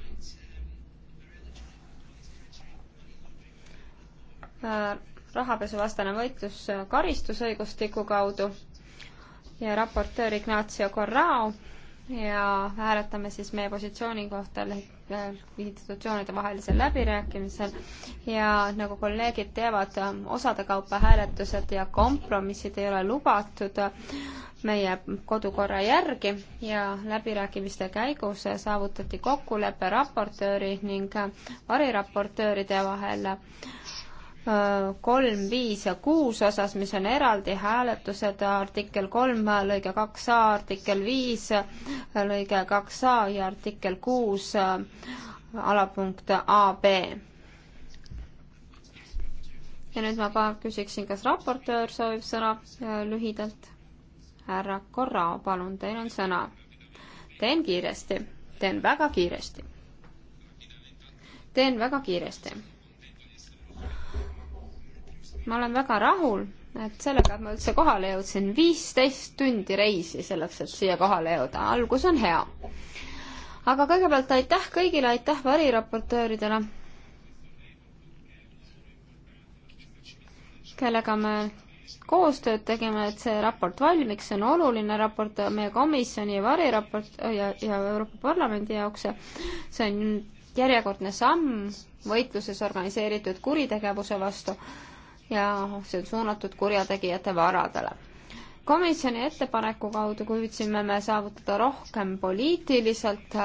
Äh, rahapesuvastane võitlus karistusõigustiku kaudu ja raportöör Ignacio Corrao ja hääletame siis meie positsiooni kohta äh, institutsioonide vahelisel läbirääkimisel ja nagu kolleegid teavad, ähm, osade kaupa hääletused ja kompromissid ei ole lubatud äh, meie kodukorra järgi ja läbirääkimiste käigus äh, saavutati kokkulepe raportööri ning variraportööride vahel äh, kolm, viis ja kuus osas, mis on eraldi hääletused, artikkel kolm lõige kaks A, artikkel viis lõige kaks A ja artikkel kuus alapunkt AB. ja nüüd ma ka küsiksin, kas raportöör soovib sõna äh, lühidalt? härra Korra, palun, teil on sõna. teen kiiresti, teen väga kiiresti. teen väga kiiresti ma olen väga rahul, et sellega, et ma üldse kohale jõudsin. viisteist tundi reisi selleks, et siia kohale jõuda. algus on hea. aga kõigepealt aitäh kõigile, aitäh variraportööridele, kellega me koostööd tegema, et see raport valmiks, see on oluline raport meie komisjoni ja variraport ja, ja Euroopa Parlamendi jaoks. see on järjekordne samm võitluses organiseeritud kuritegevuse vastu ja see on suunatud kurjategijate varadele. komisjoni ettepaneku kaudu püüdsime me saavutada rohkem poliitiliselt,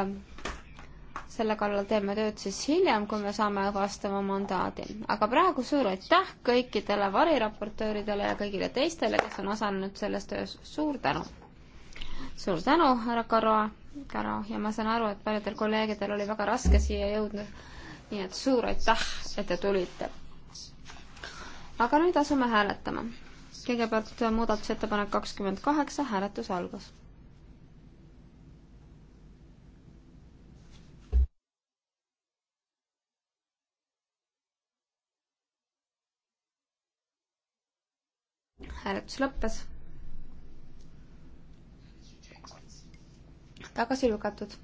selle kallal teeme tööd siis hiljem, kui me saame vastava mandaadi. aga praegu suur aitäh kõikidele variraportööridele ja kõigile teistele, kes on osalenud selles töös, suur tänu! suur tänu, härra Karo, Karo, ja ma saan aru, et paljudel kolleegidel oli väga raske siia jõuda, nii et suur aitäh, et te tulite! aga nüüd asume hääletama. kõigepealt muudatusettepanek kakskümmend kaheksa, hääletus algas. hääletus lõppes. tagasi lükatud.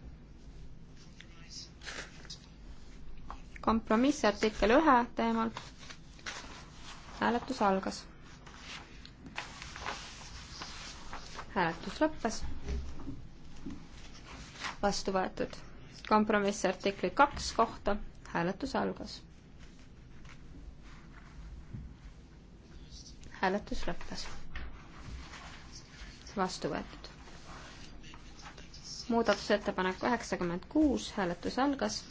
kompromiss artikkel ühe teemal hääletus algas. hääletus lõppes. vastu võetud. kompromissi artikli kaks kohta hääletus algas. hääletus lõppes. vastu võetud muudatusettepanek üheksakümmend kuus, hääletus algas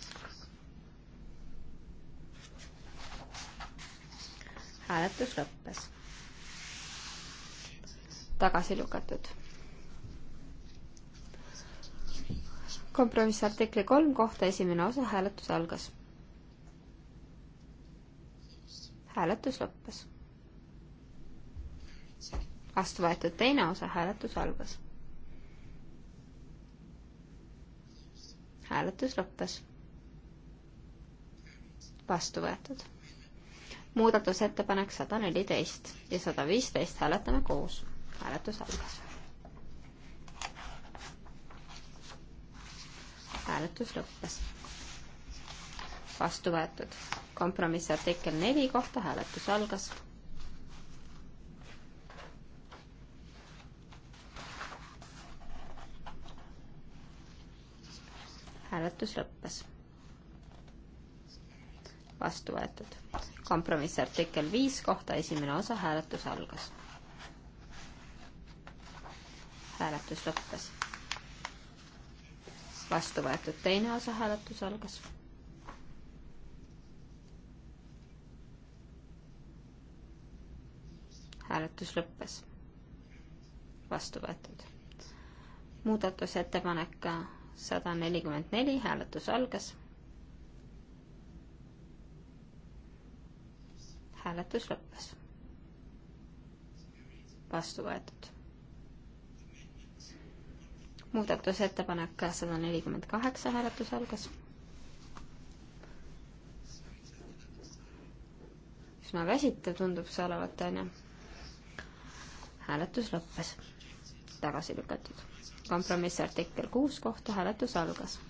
hääletus lõppes. tagasi lükatud. kompromissartikli kolm kohta esimene osa hääletus algas. hääletus lõppes. vastu võetud teine osa hääletus algas. hääletus lõppes. vastu võetud muudatusettepanek sada neliteist ja sada viisteist hääletame koos. hääletus algas. hääletus lõppes. vastu võetud. kompromissi artikkel neli kohta hääletus algas. hääletus lõppes vastu võetud. kompromissartikkel viis kohta esimene osa hääletus algas. hääletus lõppes. vastu võetud teine osa hääletus algas. hääletus lõppes. vastu võetud. muudatusettepanek sada nelikümmend neli, hääletus algas hääletus lõppes. vastu võetud. muudatusettepanek sada nelikümmend kaheksa hääletus algas. üsna väsitav tundub see olevat, on ju. hääletus lõppes. tagasi lükatud. kompromissartikkel kuus kohta hääletus algas.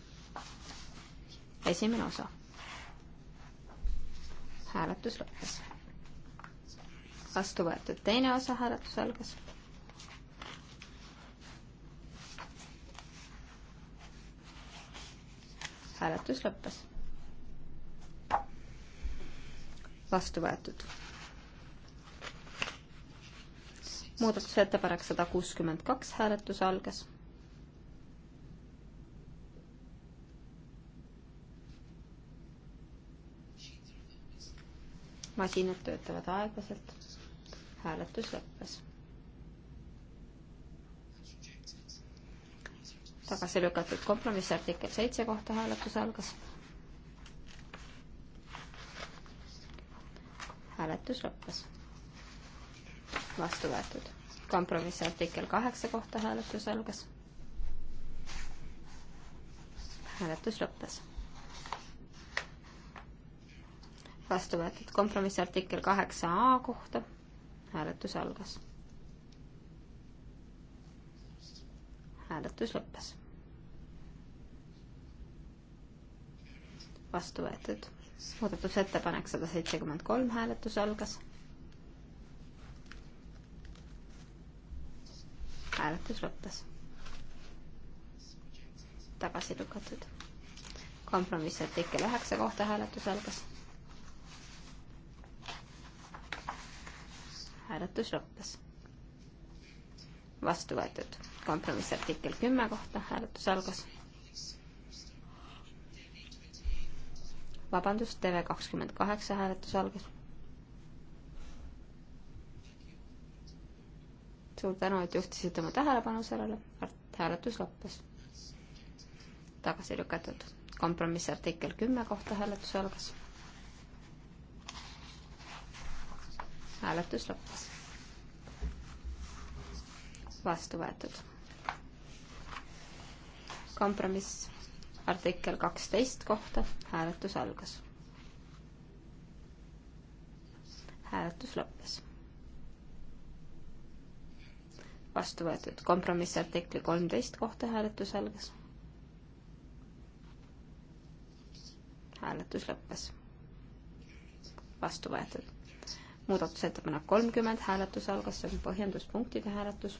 esimene osa hääletus lõppes vastu võetud teine osa hääletus algas. hääletus lõppes. vastu võetud. muudatusettepanek sada kuuskümmend kaks hääletus algas masinad töötavad aeglaselt hääletus lõppes. tagasi lükatud kompromissi artikkel seitse kohta hääletus algas. hääletus lõppes. vastu võetud. kompromissi artikkel kaheksa kohta hääletus algas. hääletus lõppes vastu võetud kompromissi artikkel kaheksa A kohta hääletus algas. hääletus lõppes. vastu võetud. muudatusettepanek sada seitsekümmend kolm, hääletus algas. hääletus lõppes. tagasi lükatud. kompromissi artikkel üheksa kohta hääletus algas hääletus lõppes. vastu võetud kompromissartikkel kümme kohta hääletus algas. vabandust, TV kakskümmend kaheksa hääletus algas. suur tänu, et juhtisite oma tähelepanu sellele, hääletus lõppes. tagasi lükatud kompromissartikkel kümme kohta hääletus algas hääletus lõppes. vastu võetud. kompromiss artikkel kaksteist kohta hääletus algas. hääletus lõppes. vastu võetud kompromiss artikli kolmteist kohta hääletus algas. hääletus lõppes. vastu võetud muudatusettepanek kolmkümmend, hääletus algas, see on põhjenduspunktide hääletus.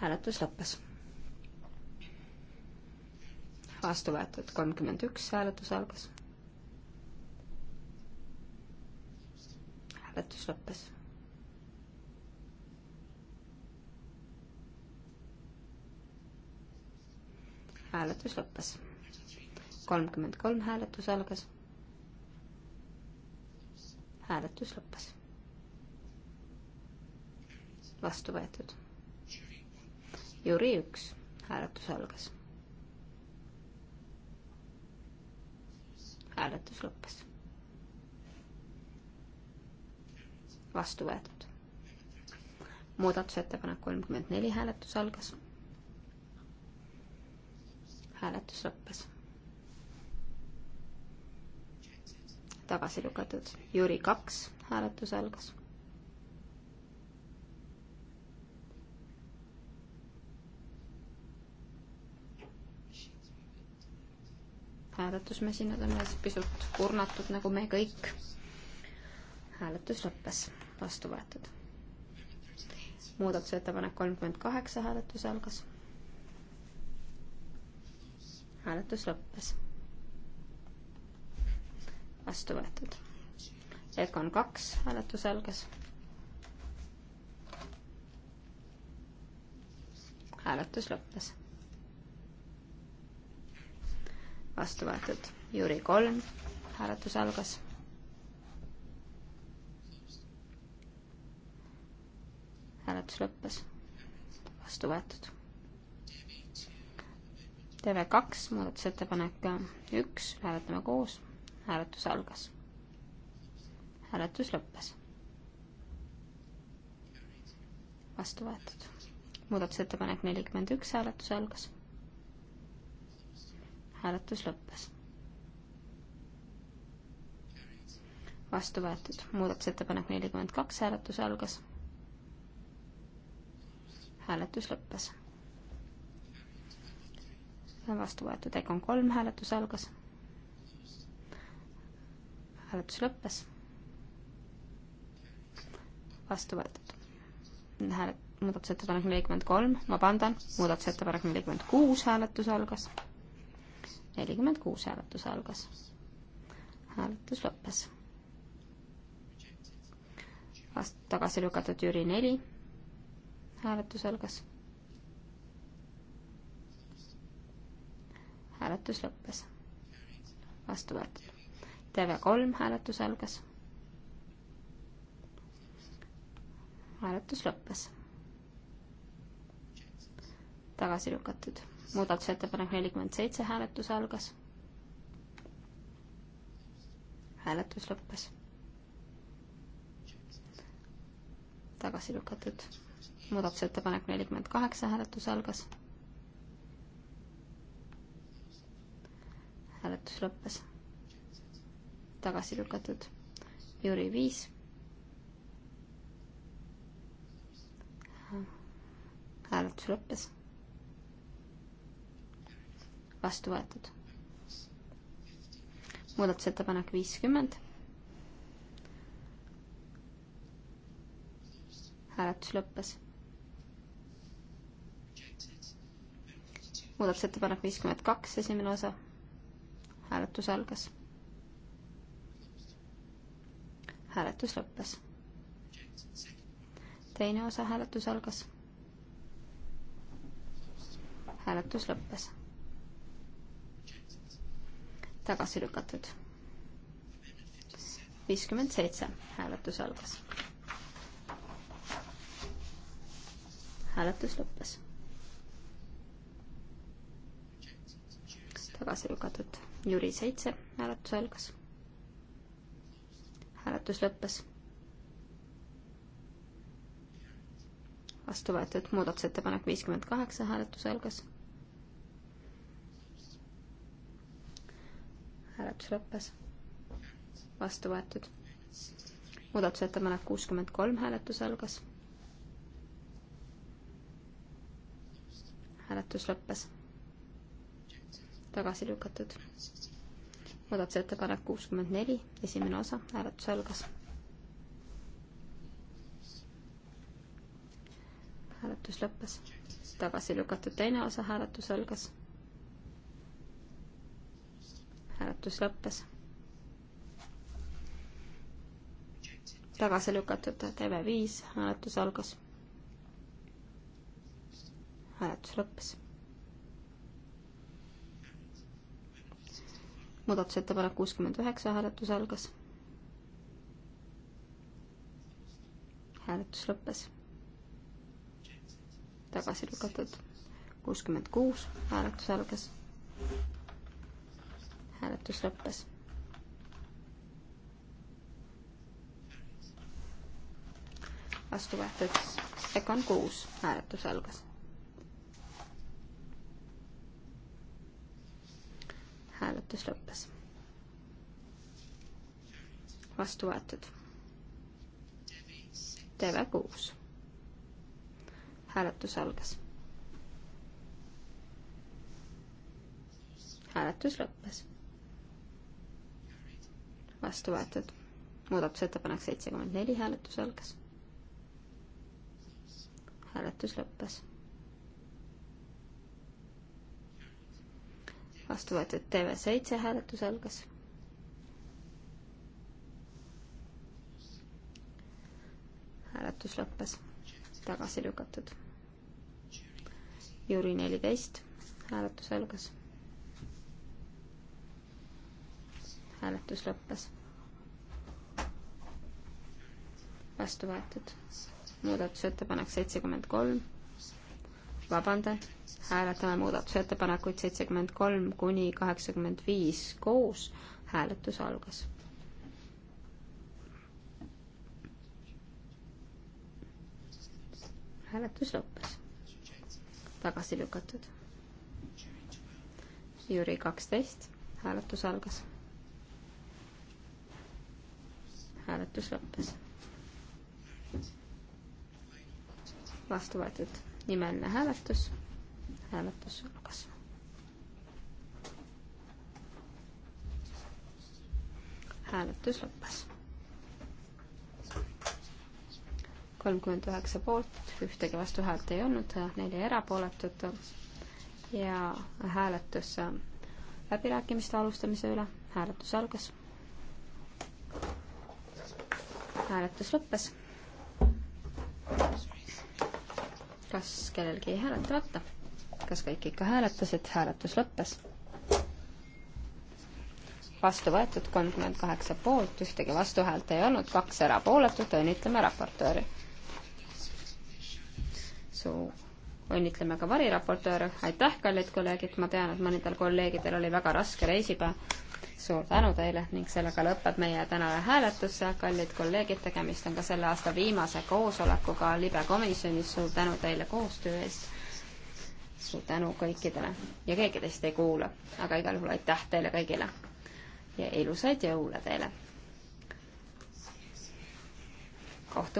hääletus lõppes. vastu võetud kolmkümmend üks, hääletus algas. hääletus lõppes hääletus lõppes. kolmkümmend kolm hääletus algas hääletus lõppes. vastu võetud. Jüri üks, hääletus algas. hääletus lõppes. vastu võetud. muudatusettepanek kolmkümmend neli hääletus algas. hääletus lõppes tagasi lükatud. Jüri kaks, hääletus algas. hääletusmasinad on veel pisut kurnatud, nagu me kõik. hääletus lõppes, vastu võetud. muudatusettepanek kolmkümmend kaheksa, hääletus algas. hääletus lõppes vastu võetud. Econ kaks, hääletus algas. hääletus lõppes. vastu võetud. Jüri kolm, hääletus algas hääletus lõppes. vastu võetud. TV2 muudatusettepanek üks, hääletame koos hääletus algas. hääletus lõppes. vastu võetud. muudatusettepanek nelikümmend üks, hääletus algas. hääletus lõppes. vastu võetud. muudatusettepanek nelikümmend kaks, hääletus algas. hääletus lõppes. vastu võetud. Egon kolm, hääletus algas hääletus lõppes. vastu võetud. hääled, muudatusettepanek nelikümmend kolm, vabandan, muudatusettepanek nelikümmend kuus hääletus algas. nelikümmend kuus hääletus algas. hääletus lõppes. vast-, tagasi lükatud Jüri neli, hääletus algas hääletus lõppes. vastu võetud. TV3 hääletus algas. hääletus lõppes. tagasi lükatud. muudatusettepanek nelikümmend seitse hääletus algas. hääletus lõppes. tagasi lükatud. muudatusettepanek nelikümmend kaheksa hääletus algas. hääletus lõppes tagasi lükatud. Jüri viis. hääletus lõppes. vastu võetud. muudatusettepanek viiskümmend. hääletus lõppes muudatusettepanek viiskümmend kaks, esimene osa. hääletus algas. hääletus lõppes. teine osa hääletus algas. hääletus lõppes. tagasi lükatud. viiskümmend seitse hääletus algas. hääletus lõppes. tagasi lükatud. Jüri seitse hääletus algas hääletus lõppes. vastu võetud muudatusettepanek viiskümmend kaheksa, hääletus algas. hääletus lõppes. vastu võetud. muudatusettepanek kuuskümmend kolm, hääletus algas. hääletus lõppes. tagasi lükatud muudatusettepanek kuuskümmend neli, esimene osa, hääletus algas. hääletus lõppes. tagasi lükatud teine osa, hääletus algas. hääletus lõppes. tagasi lükatud TV5, hääletus algas. hääletus lõppes muudatusettepanek kuuskümmend üheksa, hääletus algas. hääletus lõppes. tagasi lükatud. kuuskümmend kuus, hääletus algas. hääletus lõppes. vastu võetud, segan kuus, hääletus algas hääletus lõppes. vastu võetud. TV6. hääletus algas. hääletus lõppes. vastu võetud. muudatusettepanek seitsekümmend neli, hääletus algas. hääletus lõppes vastu võetud TV7 hääletus algas. hääletus lõppes, tagasi lükatud. Jüri neliteist, hääletus algas. hääletus lõppes. vastu võetud muudatusettepanek seitsekümmend kolm. vabandan hääletame muudatusettepanekuid seitsekümmend kolm kuni kaheksakümmend viis koos, hääletus algas hääletus lõppes. tagasi lükatud. Jüri kaksteist, hääletus algas. hääletus lõppes. vastu võetud nimeline hääletus hääletus algas. hääletus lõppes. kolmkümmend üheksa poolt, ühtegi vastuhäält ei olnud, neli erapooletut ja hääletus läbirääkimiste alustamise üle, hääletus algas. hääletus lõppes. kas kellelgi ei hääletamata? et kas kõik ikka hääletasid, hääletus lõppes. vastu võetud kolmkümmend kaheksa poolt, ühtegi vastuhäält ei olnud, kaks erapooletut, õnnitleme raportööri. suu õnnitleme ka variraportööre, aitäh, kallid kolleegid, ma tean, et mõnedel kolleegidel oli väga raske reisipäev. suur tänu teile ning sellega lõpeb meie tänane hääletus, kallid kolleegid, tegemist on ka selle aasta viimase koosolekuga libekomisjonis, suur tänu teile koostöö eest suur tänu kõikidele ja keegi teist ei kuula, aga igal juhul aitäh teile kõigile ja ilusaid jõule teile. kohtume.